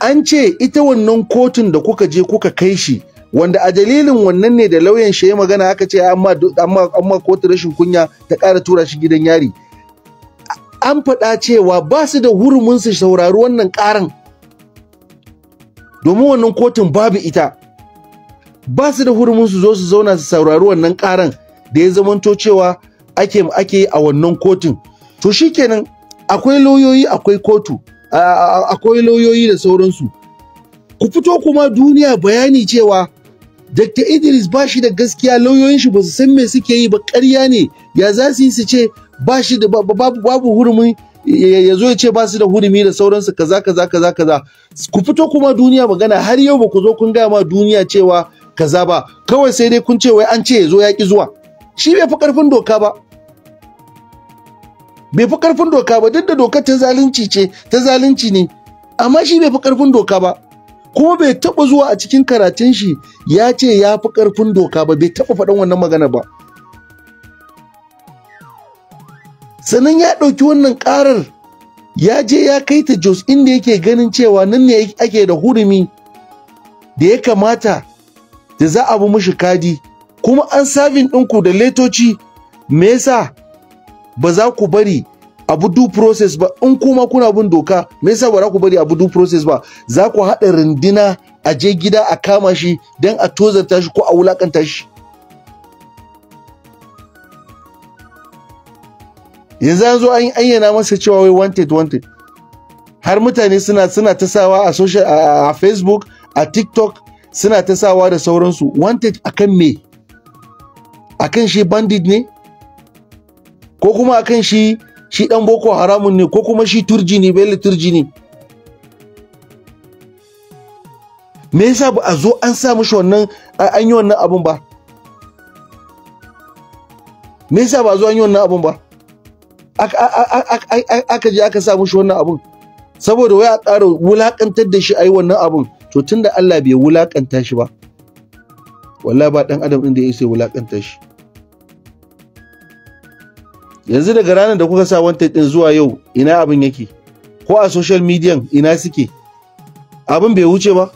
an ce ita wannan kotun da kuka je kuka kai shi wanda a dalilin wannan ne da lauyan shi ya magana aka ce amma amma kotun rashin kunya ta ƙara tura shi gidan yari an faɗa cewa ba su da hurumin su saurari wannan ƙaran domin wannan kotun babu ita ba su da hurumin su zo su zauna su saurari wannan ƙaran da ya zamanto cewa ake ake a wannan kotun to shikenan akwai lauyoyi akwai kotu akwai lauyoyi da sauransu ku fito kuma duniya bayani cewa Dr. Idris ba shi da gaskiya lauyoyin shi ba su san me suke yi ba ƙarya ne ya za su yi su ce ba shi da babu babu hurumi ya zo ya ce ba su da hurumi da sauransu kaza kaza kaza kaza ku fito kuma duniya magana har yau ba ku zo kun gaya ma duniya cewa kaza ba kawai sai dai kun ce wai an ce ya zo ya ki zuwa shi bai fi karfin doka ba bai fi karfin doka ba duk da dokar ta zalunci ce ta zalunci ne amma shi bai fi karfin doka ba kuma bai taba zuwa a cikin karatun shi ya ce ya fi karfin doka ba bai taba faɗan wannan magana ba sannan ya ɗauki wannan ƙarar ya je ya kai ta jos inda yake ganin cewa nan ne ake da hurumi da ya kamata da za a bi mushi kadi kuma an sabin ɗinku da letoci me yasa ba za ku bari abu due process ba in kuma kuna bin doka me yasa ba za ku bari abu due process ba za ku haɗa rindina a je gida a kama shi don a tozarta shi ko a wulakanta shi yanzu an zo an ayyana masa cewa wai wanted wanted har mutane suna suna ta a social a, facebook a tiktok suna ta sawa da sauransu wanted akan me akan shi bandit ne ko kuma akan shi shi dan boko haramun ne ko kuma shi turji ne bai turji ne me yasa ba a zo an sa mishi wannan an yi wannan abun ba me yasa ba a zo an yi wannan abun ba aka je aka sa mishi wannan abun saboda wai a ƙara wulaƙantar da shi a yi wannan abun to tunda Allah bai wulaƙanta shi ba wallahi ba ɗan adam ɗin da ya isa wulaƙanta shi yanzu daga ranar da kuka sa wanted din zuwa yau ina abin yake ko a social media ina suke abin bai wuce ba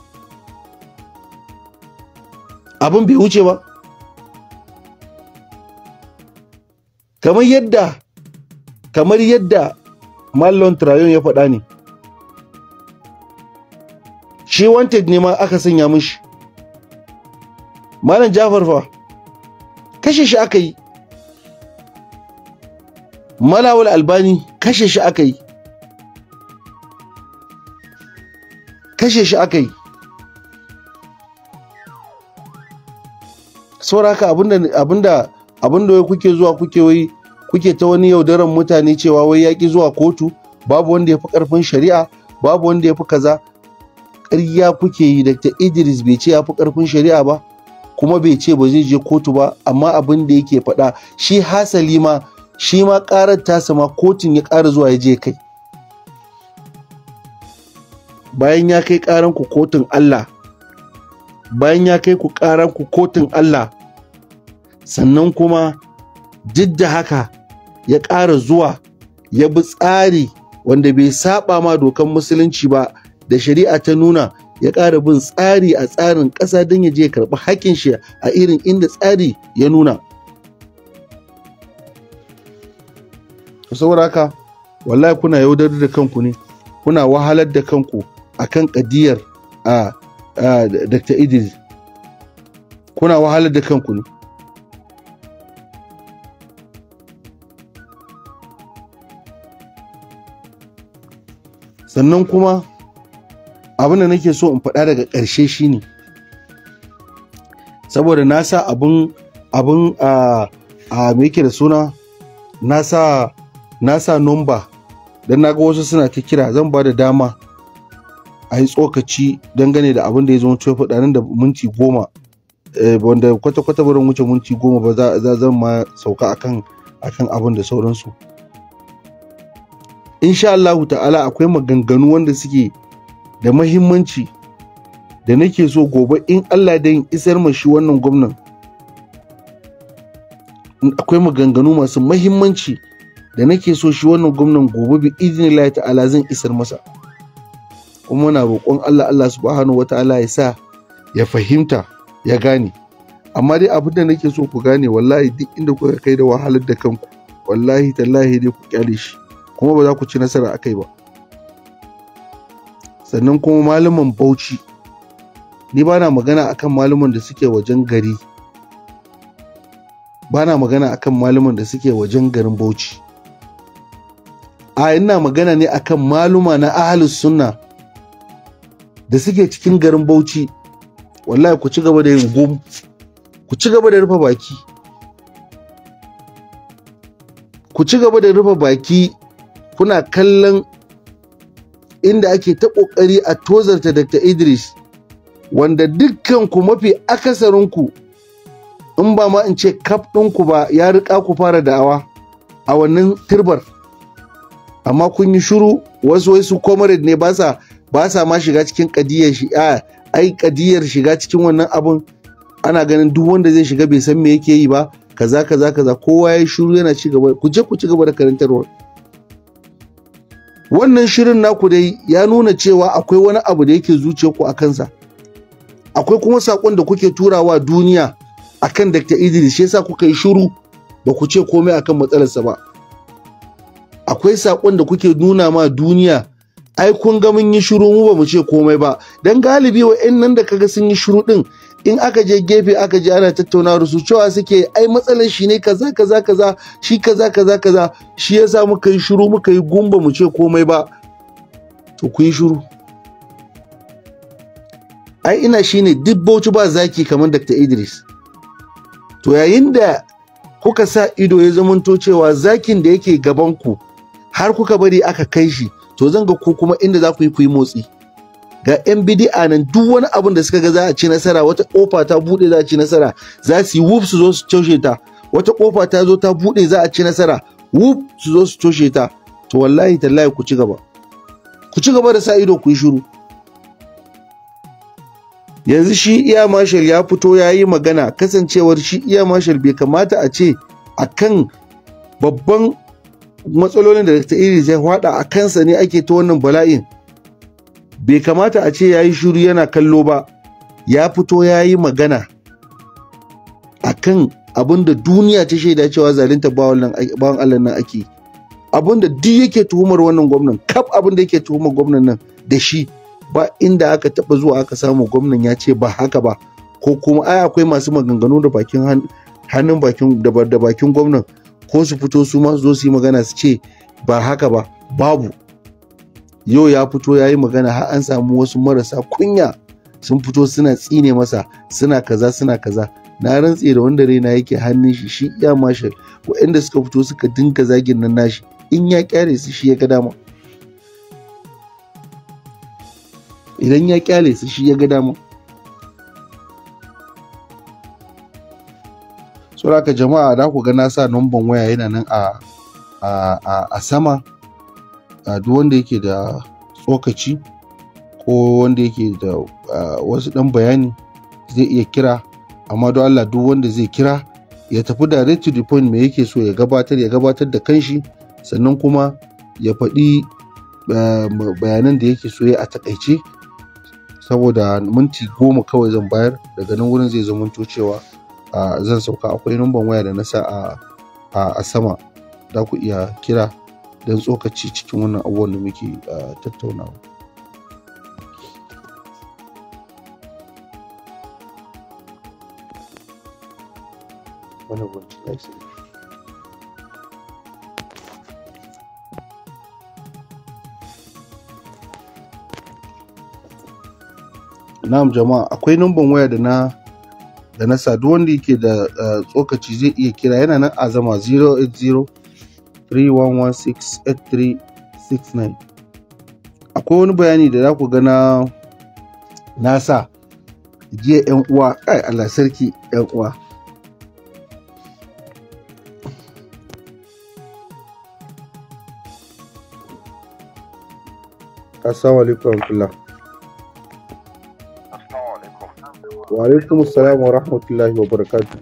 abin bai wuce ba kamar yadda kamar yadda mallon Trayon ya faɗa ne shi wanted ne ma aka sanya mishi Malam Jafar fa kashe shi aka yi malawul albani kashe shi aka yi kashe shi aka yi sauraka abinda abinda wai kuke zuwa kuke wai kuke ta wani yaudaran mutane cewa wai yaƙi zuwa kotu babu wanda ya fi ƙarfin shari'a babu wanda ya fi kaza ƙarya kuke yi dr idris bai ce ya fi ƙarfin shari'a ba kuma bai ce ba zai je kotu ba amma abin da yake faɗa shi hasali ma shi ma ƙarar tasa ma kotun ya ƙara zuwa ya je kai bayan ya kai ƙaran ku kotun Allah bayan ya kai ku ƙaran ku kotun Allah sannan kuma duk da haka ya ƙara zuwa ya bi tsari wanda bai saba ma dokan musulunci ba da shari'a ta nuna ya ƙara bin tsari a tsarin ƙasa don ya je karɓi haƙƙin shi a irin inda tsari ya nuna to saboda haka wallahi kuna yaudar da kanku ne kuna wahalar da kanku akan kadiyar a Dr. Idris kuna wahalar da kanku ne sannan kuma abin da nake so in faɗa daga ƙarshe shine saboda na sa abin abin a me yake da suna na sa na sa numba don ga wasu suna ta kira zan ba da dama a yi tsokaci dangane da abin da ya zo cewa faɗa nan da minti goma eh, wanda kwata-kwata barin wuce minti goma ba za zan ma sauka akan akan abin da sauransu insha Allah ta'ala akwai maganganu wanda suke da mahimmanci da nake so gobe in Allah da yin isar shi wannan gwamnan akwai maganganu masu mahimmanci da nake so shi wannan gwamnan gobe bi idinillahi ta'ala zan isar masa kuma muna roƙon Allah Allah subhanahu wataala ya sa ya fahimta ya gane amma dai abin da nake so ku gane wallahi duk inda kuka kai da wahalar da kanku wallahi tallahi dai ku kyale shi kuma ba za ku ci nasara akai ba sannan kuma malaman bauchi ni ba na magana akan malaman da suke wajen gari ba na magana akan malaman da suke wajen garin bauchi a ina magana ne akan maluma na ahalus sunna da suke cikin garin bauchi wallahi ku ci gaba da yin gum ku ci gaba da rufe baki ku ci gaba da rufe baki kuna kallon inda ake ta kokari a tozarta dr idris wanda dukkanku mafi akasarinku in ba ma in ce kaf ɗinku ba ya riƙa ku fara da'awa a wannan turbar amma kun yi shuru wasu wai comrade ne ba sa ma shiga cikin kadiyar shi a ai kadiyar shiga cikin wannan abun ana ganin duk wanda zai shiga bai san me yake yi ba kaza kaza kaza kowa ya shuru, yana ci gaba ku je ku ci gaba da karantarwa wannan shirin naku dai ya nuna cewa akwai wani abu da yake ku a kansa akwai kuma sakon da kuke turawa duniya akan Dr. Idris shi yasa kuka yi shiru ba ku ce komai akan matsalarsa ba akwai sakon da kuke nuna ma duniya ai kun ga mun yi shiru mu ba mu ce komai ba dan galibi wa'in nan da kaga sun yi shiru din in aka je gefe aka je ana tattauna da su cewa suke ai matsalar shi ne kaza kaza kaza shi kaza kaza kaza shi yasa muka yi shiru muka yi gumba mu ce komai ba to ku yi shiru ai ina shine duk bauchi ba zaki kamar Dr. Idris to yayin da kuka sa ido ya zamanto cewa zakin da yake gaban ku har kuka bari aka kai shi to zan ga ku kuma inda za ku yi ku yi motsi ga yan bidi'a nan duk wani abin da suka ga za a ci nasara wata kofa ta bude za a ci nasara za su yi wuf su zo su toshe ta wata kofa ta zo ta bude za a ci nasara wuf su zo su toshe ta to wallahi tallahi ku ci gaba ku ci gaba da sa ido ku yi shiru yanzu shi iya marshal ya fito ya yi magana kasancewar shi iya marshal bai kamata a ce a kan babban matsalolin da Dr. iri ya hwada a kansa ne ake ta wannan bala'in bai kamata a ce ya yi shiru yana kallo ba ya fito ya yi magana a kan abin da duniya ta shaida cewa zalunta bawan Allah nan ake abin da duk yake tuhumar wannan gwamnan kaf abin da yake tuhumar gwamnan nan da shi ba inda aka taba zuwa aka samu gwamnan ya ce ba haka ba ko kuma ai akwai masu maganganu da bakin hannun bakin da bakin gwamnan ko su fito su ma su zo su yi magana su ce ba haka ba babu yau ya fito ya yi magana har an samu wasu marasa kunya sun fito suna tsine masa suna kaza suna kaza na rantse da wanda raina yake hannun shi shi iya mashal waɗanda suka fito suka dinga zagin nan nashi in ya kyale su shi ya ga dama idan ya kyale su shi ya ga dama so haka jama'a da ku ga na sa numban waya yana nan a a a sama a duk wanda yake da tsokaci ko wanda yake da wasu dan bayani zai iya kira amma don Allah duk wanda zai kira ya tafi direct to the point me yake so ya gabatar ya gabatar da kanshi sannan kuma ya faɗi bayanan da yake so ya a takaice saboda minti goma kawai zan bayar daga nan wurin zai zama cewa zan sauka akwai numban waya da na sa a sama za ku iya kira don tsokaci cikin wannan abubuwan da muke tattaunawa. Na Na'am jama'a akwai numban waya da na da na sadu wanda yake da eh, tsokaci zai iya kira yana nan azama 08031168369 akwai wani bayani da za ku ga na nasa jiya yan uwa kai Allah sarki yan uwa Assalamu alaikum Wa alaikum ورحمة wa وبركاته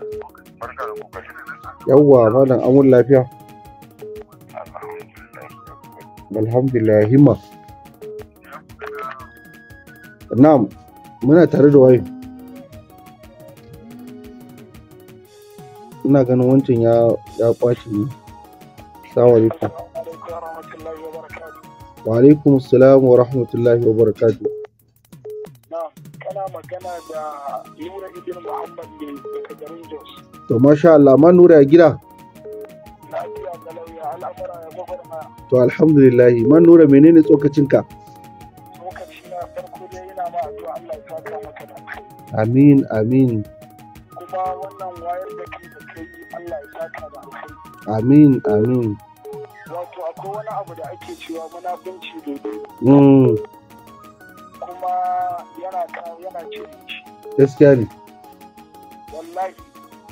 يوا مالا Yawwa malam amun lafiya. Alhamdulillah himma. نعم muna tare da wayo. Ina ganin wancan ya ya ne. Assalamu alaikum. Wa alaikum assalam wa rahmatullahi wa barakatuh. magana da Nura Idil Muhammad ne daga To masha Allah ma Nura gida. Lafiya ya gwagwarma. To alhamdulillah man Nura menene tsokacinka? Tsokacina Amin amin. Amin amin. Wato wani abu da ake cewa munafunci yana kawo yana cire shi gaskiya ne wallahi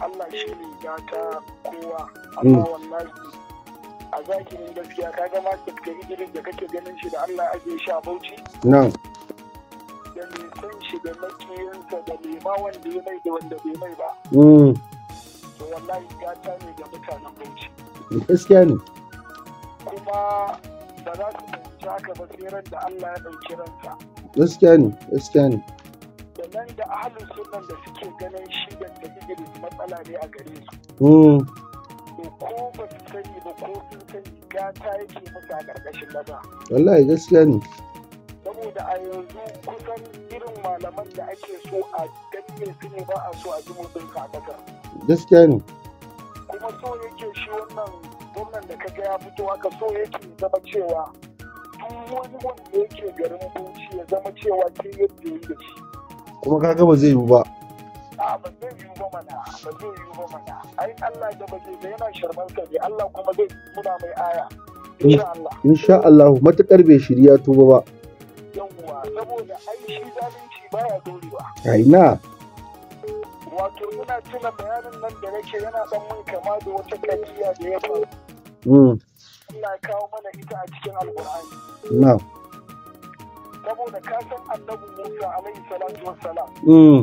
Allah shi ne ya ta kowa mm. amma wallahi a zakirin gaskiya ka ga market gari irin da kake ganin shi da Allah ake shi a Bauchi na'am da mai san shi da makiyinsa da mai ma wanda ya mai da wanda bai mai ba mm. to wallahi ya ta ne ga mutanen Bauchi gaskiya ne kuma ba za su fahimci haka ba sai ran da Allah ya ɗauki ransa gaskiya ne gaskiya ne sannan da ahalin sunan da suke ganin shi da idris matsala ne a gare su hmm. ko ba su sani ba ko sun sani gata yake musu a ƙarƙashin laza? wallahi gaskiya ne saboda a yanzu kusan irin malaman da ake so a ganye su ne ba a so a ji motsin a gaskiya ne kuma so yake shi wannan gwamnan da ka ga ya fito haka so yake zama cewa duk wani wanda yake garin Bauchi ya zama cewa ke yadda yi da shi. Kuma kaga ba zai yiwu ba. A ba zai yiwu ba mana, ba zai yiwu ba mana. Ai Allah da ba zai yana sharmar ka ne, Allah kuma zai nuna mai aya. Insha Allah. matuƙar bai shirya tuba ba. Yawwa saboda ai shi zalunci baya dorewa. Ai na. Wato ina tuna bayanin nan da nake yana ɗan mun kama da wata kariya da ya faru. Hmm. Allah ya kawo mana ita a cikin alƙur'ani saboda ka san annabi Musa alaihi salatu Salam. Mm.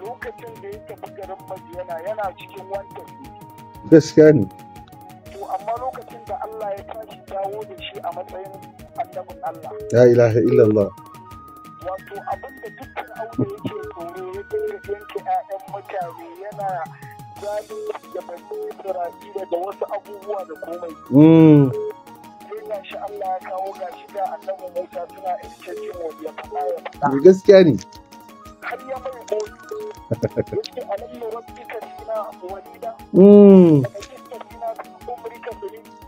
lokacin da ya tafi garin Madiyana yana cikin wanda gaskiya ne to amma lokacin da Allah ya tashi dawo da shi a matsayin annabin Allah la ilaha illallah wato abinda dukkan aure yake tsoro ya dinga yanke 'ya'yan mutane yana gano da fahimtar da wasu abubuwa da komai. Mm. Sai ga shi Allah ya kawo ga shi da annabi Musa suna iskancin wani ya faɗa ya Gaskiya ne. Har ya mai goyi. Yake ka sina walida. Mm.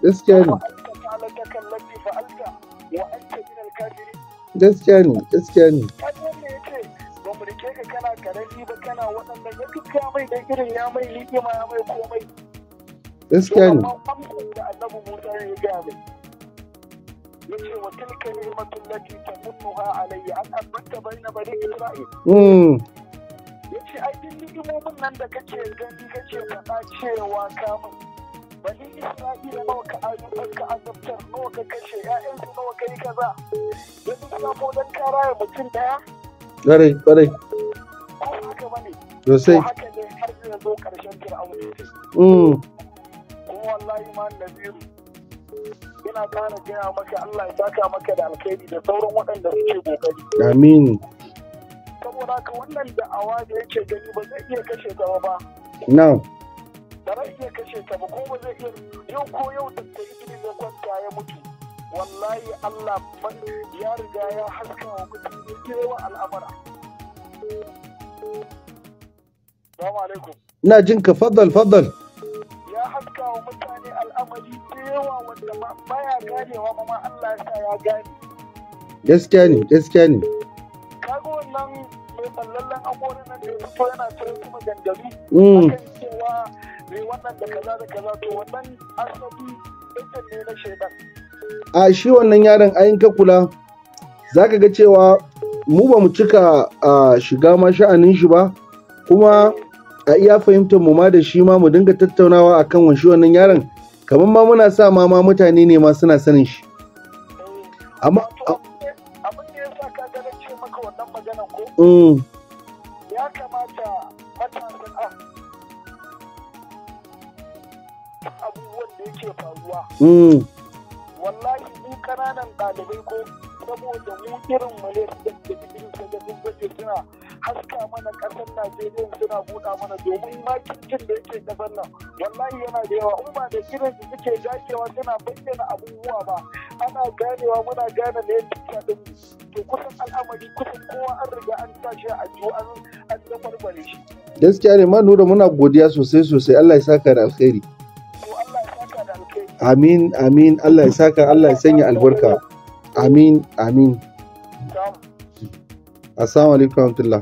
Gaskiya ne. Gaskiya ne, gaskiya ne. karami ba kana waɗannan ya duka mai da irin ya mai hikima ya mai komai gaskiya ne da annabi musa ya ga mai yace wa tilka ni'matul lati tamunnuha alayya an abatta baina bani isra'il mm yace ai din ni'imomin nan da kake gani kake faɗa cewa ka mun. bani Isra'il nawa ka ayyukan ka azabtar nawa ka kashe ƴaƴansu nawa kai kaza yanzu kana ko dan ka mutum daya ƙwarai ƙwarai haka bane sosai haka ne har zai zo karshen fir'auna mm kuma wallahi ma nabiru ina kana gaya maka Allah ya saka maka da alkhairi da sauran waɗanda suke kokari amin saboda ka wannan da'awa da yake gani ba zai iya kashe ta ba na'am ba zai iya kashe ta ba ko ba zai iya yau ko yau da ta yi zai kwanta ya mutu wallahi Allah ya riga ya haska wa mutum ya wa al'amara Ina jin ka faddal faddal. Ya haska wa mutane al'amari da yawa wanda baya ganewa ma Allah ya sa ya Gaskiya ne, gaskiya ne. Kaga wannan mai da ya cire mm. cewa mai wannan da kaza da kaza to wannan asabi ne A shi wannan yaron ayin ka kula. Za ka ga cewa mu ba mu cika a shiga ma sha'anin shi ba kuma a iya fahimtar mu ma da shi ma mu dinga tattaunawa a kan wanshi wannan yaron kamar ma muna sa ma ma mutane ne ma suna sanin shi amma abin da ya sa ka gane ce maka wannan maganan ko mm. ya kamata matasan a ah, abubuwan da yake faruwa mm. wallahi ni kananan ɗalibai ko saboda mu irin malaysia da ke cikin kaga sun suna haska mana kasar najeriya suna buɗa mana domin makincin da yake kasar nan wallahi yana da yawa in ba da irin su suke dacewa suna bayyana abubuwa ba ana ganewa muna gane ne tuka din to kusan al'amari kusan kowa an riga an tashi a jo an an zabarbare shi gaskiya ne ma nura muna godiya sosai sosai Allah ya saka da alkhairi amin amin Allah ya saka Allah ya sanya albarka Amin, amin. Assalamu alaikum warahmatullah.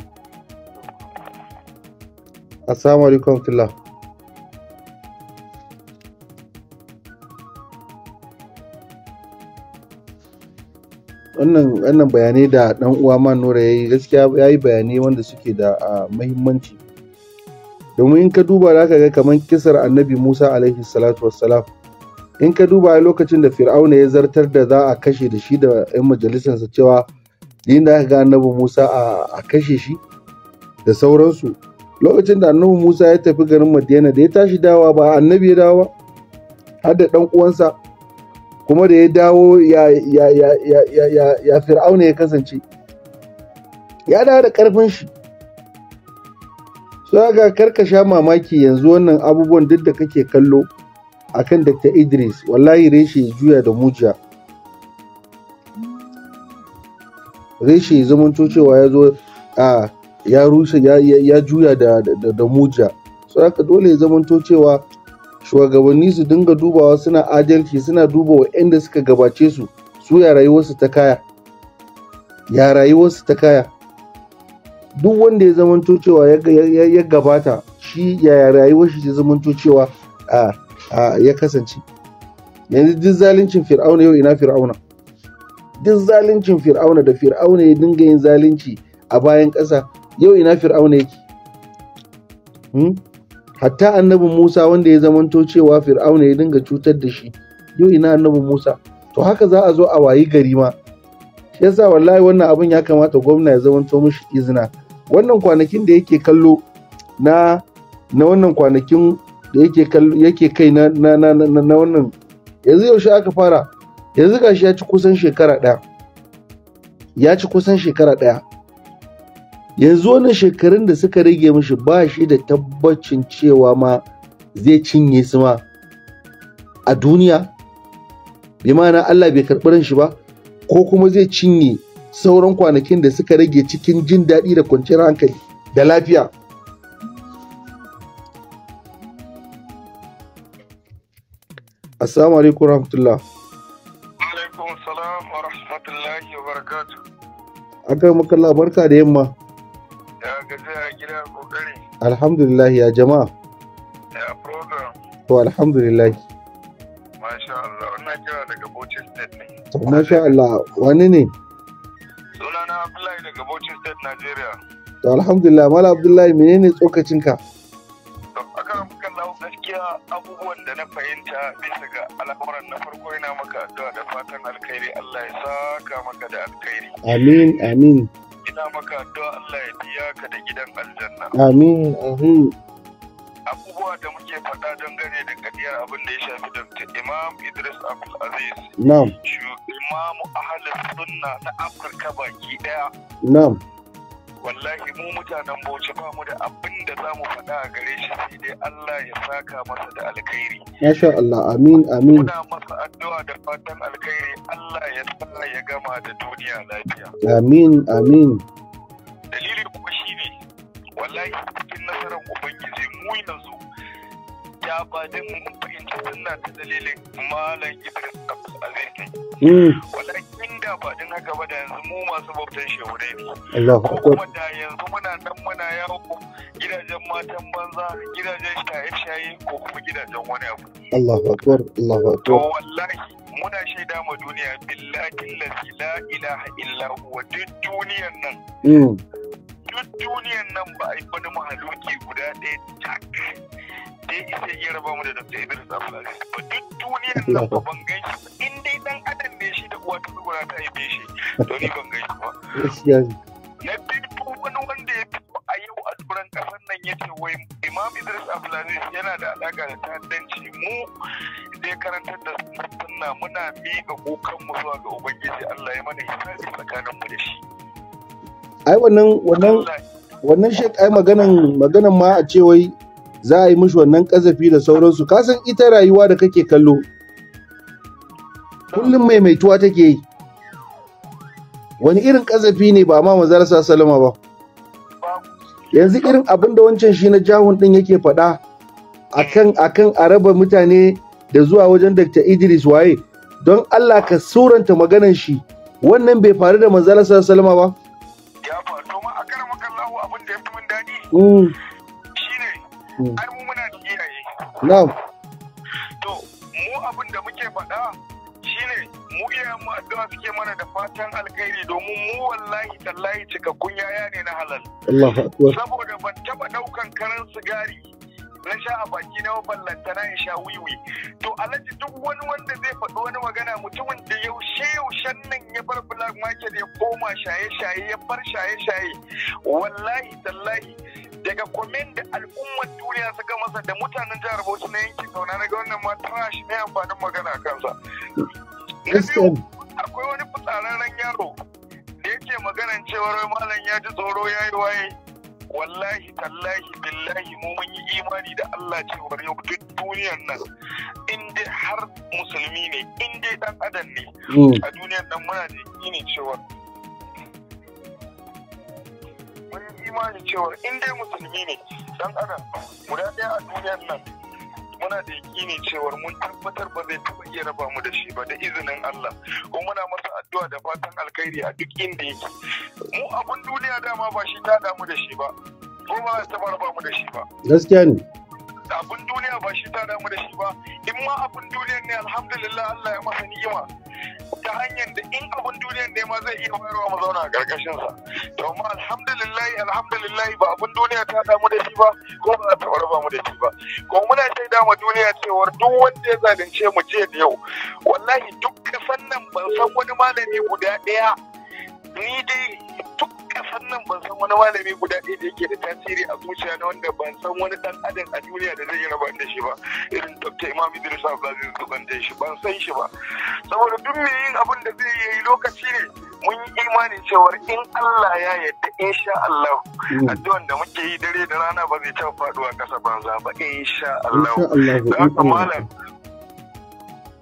Assalamu alaikum warahmatullah. Wannan wannan bayanai da ɗan uwa man nura yi gaskiya ya yi bayanai wanda suke da muhimmanci. Domin in ka duba za ka ga kamar kisar Annabi Musa alaihi salatu wassalam. in ka duba lokacin da fir'auna ya zartar da za a kashe da shi da 'yan majalisarsa cewa din da aka ga annabi musa a kashe shi da sauransu lokacin da annabi musa ya tafi garin madiyana da ya tashi dawa ba annabi ya dawa har da ɗan uwansa kuma da ya dawo ya ya ya ya ya ya fir'auna ya kasance ya dawo da ƙarfin shi so ga karkasha sha mamaki yanzu wannan abubuwan duk da kake kallo akan Dr. Idris wallahi reshe ya juya da mujiya reshe zamanto cewa ya zo a ya rushe ya juya da da mujiya so haka dole ya zamanto cewa shugabanni su dinga dubawa suna adalci suna duba inda suka gabace su su ya rayuwarsu ta kaya ya rayuwarsu ta kaya duk wanda ya zamanto cewa ya gabata shi ya rayuwar shi ta zamanto cewa a ya kasance yanzu duk zaluncin fir'auna yau ina fir'auna duk zaluncin fir'auna da fir'auna ya dinga yin zalunci a bayan ƙasa yau ina fir'auna yake hmm? hatta annabin musa wanda ya zamanto cewa fir'auna ya dinga cutar da shi yau ina annabin musa to haka za a zo a wayi gari ma shi yasa wallahi wannan abin ya kamata gwamna ya zamanto mishi izina wannan kwanakin da yake kallo na na wannan kwanakin da yake kai na wannan yanzu yaushe aka fara yanzu gashi ya ci kusan shekara ɗaya ya ci kusan shekara ɗaya yanzu wani shekarun da suka rage mishi ba shi da tabbacin cewa ma zai cinye su ma a duniya bi ma'ana Allah bai karɓi shi ba ko kuma zai cinye sauran kwanakin da suka rage cikin jin daɗi da kwanciyar hankali da lafiya Assalamu alaikum rahmatullah. Alaikum salam wa rahmatullahi wa barakatu. Aka makalla barka da yamma. Ya gaza a gida kokari. Alhamdulillah ya jama'a. Ya program. To alhamdulillah. Masha Allah, ina kira daga Bauchi State ne. masha Allah, wani ne? Sunana Abdullahi daga Bauchi State, Nigeria. To alhamdulillah, Mala Abdullahi menene tsokacinka? abubuwan da na fahimta bisa ga al'amuran na farko yana maka addu'a da fatan alkhairi Allah ya saka maka da alkhairi. Amin amin. Ina maka addu'a Allah ya biya ka da gidan aljanna. Amin amin. Abubuwa da muke faɗa gane da kadiyar abin da ya shafi da Imam Idris Abdul Aziz. Na'am. Shugaban Imam Ahlus Sunna na Afirka baki ɗaya. Na'am. wallahi mu mutanen bauchi ba mu da abin da za mu faɗa a gare shi sai dai Allah ya saka masa da alkhairi masha Allah amin amin muna masa addu'a da fatan alkhairi Allah ya sa ya gama da duniya lafiya amin amin dalili kuma shi ne, wallahi cikin nasarar ubangiji mu yanzu ya ba mun fahimci sunna ta dalilin malam Idris Abdul Aziz hmm. wallahi da ba haka ba da yanzu mu masu bautan shaure ne ko kuma da yanzu muna nan muna yawo gidajen matan banza gidajen shaye-shaye ko kuma gidajen wani abu Allahu akbar Allahu akbar to wallahi muna shaida ma duniya billahi la ilaha illa huwa duk duniyar nan mm. duk duniyar nan ba a yi wani mahaluki guda ɗaya tak Dai isa iya raba mu da Dr. Idris Abdulaziz duk duniyar nan ba ban gan shi in dai dan uwa ta tsugura ta to ni ban gaishe ba na biyu wani wanda ya fito a yau a turan kasar nan ya ce wai imam idris abdulaziz yana da alaka da ta'addanci mu da ya karantar da sunna muna miƙa kokan mu zuwa ga ubangiji allah ya mana hisabi tsakanin mu da shi ai wannan wannan wannan shek ai maganan maganan ma a ce wai za a yi mishi wannan kazafi da sauransu kasan ita rayuwa da kake kallo kullum mai maimaituwa take yi wani irin kazafi ne ba ma mazarsa salama ba yanzu irin abin da wancan shi na jahun din yake faɗa akan akan a raba mutane da zuwa wajen Dr. Idris waye don Allah ka suranta maganan shi wannan bai faru da mazarsa salama ba ya faru ma a karamar kallahu abin da ya fi min daɗi mm. shine mm. an mu muna da iyaye na'am to mu abin da muke faɗa mu iya mu addu'a suke mana da fatan alkhairi domin mu wallahi tallahi cikakkun yaya ne na halal saboda ban taba ɗaukan karan sigari na sha a baki na ballanta na in sha wiwi to alhaji duk wani wanda zai faɗi wani magana mutumin da yaushe yaushen nan ya bar black market ya koma shaye shaye ya bar shaye shaye wallahi tallahi daga kwamen da al'ummar duniya suka masa da mutanen jihar bauchi na yankin sauna na ga wannan ma tana shi ne amfanin magana kansa akwai wani fitsararren yaro da yake maganan cewar malam ya ji tsoro ya yi waye wallahi tallahi billahi mu mun yi imani da Allah cewar yau duk duniyar nan in dai har musulmi ne in dai dan adam ne mm. a duniyar nan muna da ne cewar mun imani cewar in dai musulmi ne dan adam guda ɗaya a duniyar nan muna da yakini cewar mun tabbatar ba zai taɓa iya raba mu da shi ba da izinin Allah ko muna masa addu'a da fatan alkhairi a duk inda yake mu abun duniya dama ba shi ta damu da shi ba ko ba ta raba mu da shi ba gaskiya ne abun duniya ba shi ta damu da shi ba in ma abun duniya ne alhamdulillah Allah ya masa ni'ima ta hanyar da in abin duniyar ne ma zai iya bayarwa mu zauna a karkashin sa to amma alhamdulillah alhamdulillah ba abin duniya ta damu da shi ba ko ba ta ba mu da shi ba ko muna da mu duniya cewar duk wanda ya zalunce mu je da yau wallahi duk kasan nan ban san wani malami guda ɗaya ni dai ƙasar nan ban san wani malami guda ɗaya da yake da tasiri a zuciya na wanda ban san wani dan adam a duniya da zai yi raba da shi ba irin dr imam idris abdulaziz dubande shi ban san shi ba saboda duk mai yin abin da zai yi lokaci ne mun yi imanin cewar in allah ya yarda insha allah mm. addu'an da muke yi dare da rana ba zai taɓa faɗuwa ƙasa banza ba insha allah da haka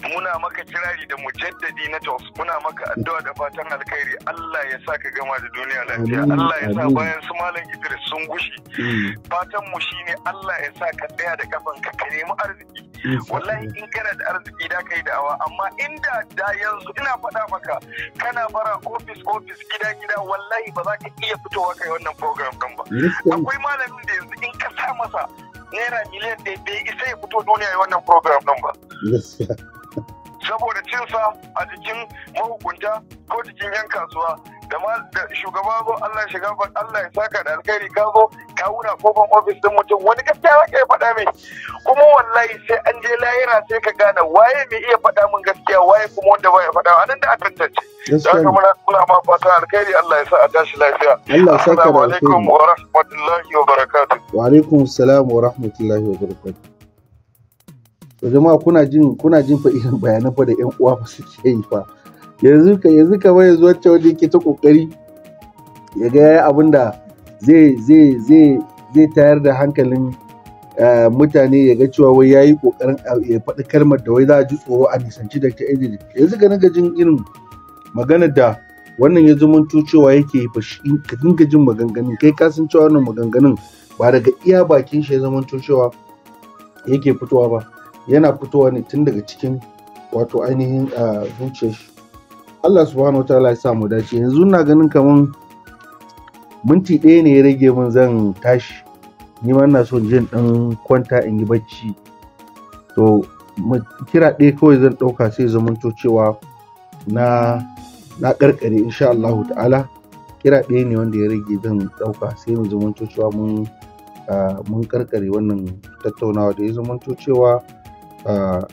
muna maka kirari da mujaddadi na Jos muna maka addu'a da fatan alkhairi Allah ya sa ka gama da duniya lafiya Allah ya sa bayan su malam Idris sun gushi hmm. fatan mu shine Allah ya sa ka tsaya da kafan ka ka nemi arziki hmm, wallahi in kana da arziki da kai awa amma inda da yanzu ina faɗa maka kana bara ofis ofis gida gida wallahi ba za ka iya fitowa kai wannan program din ba akwai malamin da yanzu in ka sa masa naira miliyan da bai isa ya fito duniya wannan program din ba saboda cin sa a jikin mahukunta ko jikin 'yan kasuwa da ma da shugaba zo Allah shiga ba Allah ya saka da alkhairi ka zo ka wuna kofan ofis din mutum wani gaskiya haka ya faɗa min kuma wallahi sai an je layira sai ka gane waye mai iya faɗa min gaskiya waye kuma wanda baya faɗa anan da aka tantance da haka muna kula ma fata alkhairi Allah ya sa a tashi lafiya Allah saka da alkhairi wa rahmatullahi wa barakatuh wa alaikum salam wa rahmatullahi wa barakatuh to jama'a kuna jin kuna jin fa irin bayanan fa da yan uwa ba suke yi fa yanzu ka yanzu ka bai zuwa cewa da yake ta kokari ya ga yayi abin da zai zai zai zai tayar da hankalin eh, mutane ya ga cewa wai yayi kokarin ya faɗi kalmar da wai za a ji tsoro a nisanci da ta ejiji yanzu ka dinga jin irin magana da wannan ya zumunto cewa yake in ka dinga jin maganganun kai ka san cewa wannan maganganun ba daga iya bakin shi ya zumunto cewa yake fitowa ba yana fitowa ne tun daga cikin wato ainihin zuciya shi Allah subhanahu wa ta'ala ya sa mu dace yanzu na ganin kaman minti ɗaya ne ya rage min zan tashi ni ma ina so jin je kwanta in yi bacci to kira ɗaya kawai zan ɗauka sai zamanto cewa na na ƙarƙare insha Allah ta'ala kira ɗaya ne wanda ya rage zan ɗauka sai mu zamanto cewa mun mun ƙarƙare wannan tattaunawa da ya zamanto cewa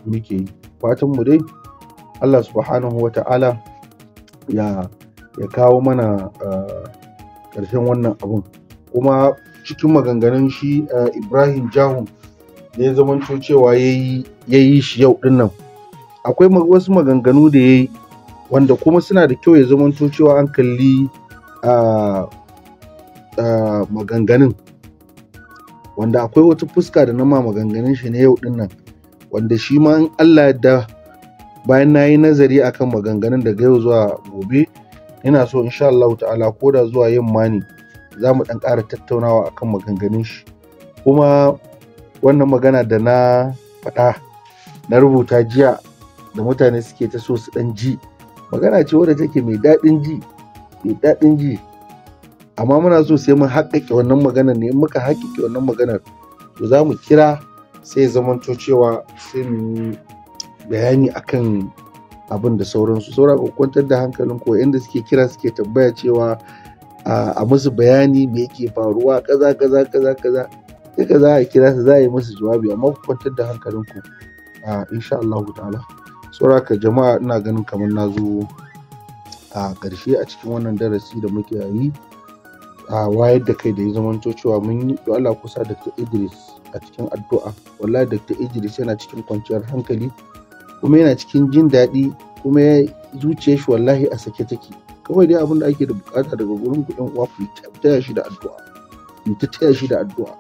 muke yi fatan mu dai Allah subhanahu wa ta'ala ya ya kawo mana ƙarshen wannan abun kuma cikin maganganun shi Ibrahim Jahun da ya zamanto cewa ya yi shi yau din nan akwai wasu maganganu da ya yi wanda kuma suna da kyau ya zamanto cewa an kalli maganganun wanda akwai wata fuska da nama maganganun shi na yau din nan wanda shi ma in Allah yadda bayan na yi nazari akan maganganun daga yau zuwa gobe ina so insha Allah ta'ala ko da zuwa yin ne za mu ɗan ƙara tattaunawa akan maganganun shi kuma wannan magana da na faɗa na rubuta jiya da mutane suke ta so su ɗan ji magana ce wadda take mai daɗin ji mai daɗin ji amma muna so sai mun haƙƙaƙe wannan maganar ne in muka haƙƙaƙe wannan maganar to za mu kira sai zamanto cewa sai mu yi bayani akan abin da sauransu saura ku kwantar da hankalin ko inda suke kira suke tambaya cewa a musu bayani me yake faruwa kaza kaza kaza kaza duka za a kira su za a yi musu jawabi amma ku kwantar da hankalin ku insha Allah ta'ala saura ka jama'a ina ganin kamar na zo a ƙarshe a cikin wannan darasi da muke yi a wayar da kai da ya zamanto cewa mun yi Allah kusa da Idris a cikin addu'a wallahi dr idris yana cikin kwanciyar hankali kuma yana cikin jin daɗi kuma ya zuciya shi wallahi a sake take kawai dai abin da ake da bukata daga gurin ku uwa ku taya shi da addu'a ku ta taya shi da addu'a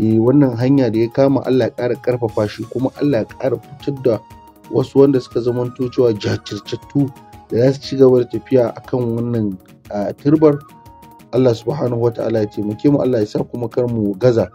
eh wannan hanya da ya kama Allah ya ƙara ƙarfafa shi kuma Allah ya ƙara fitar da wasu wanda suka zamanto cewa jajirtattu da za su ci gaba da tafiya akan wannan turbar Allah subhanahu wa ta'ala ya taimake mu Allah ya sa kuma kar mu gaza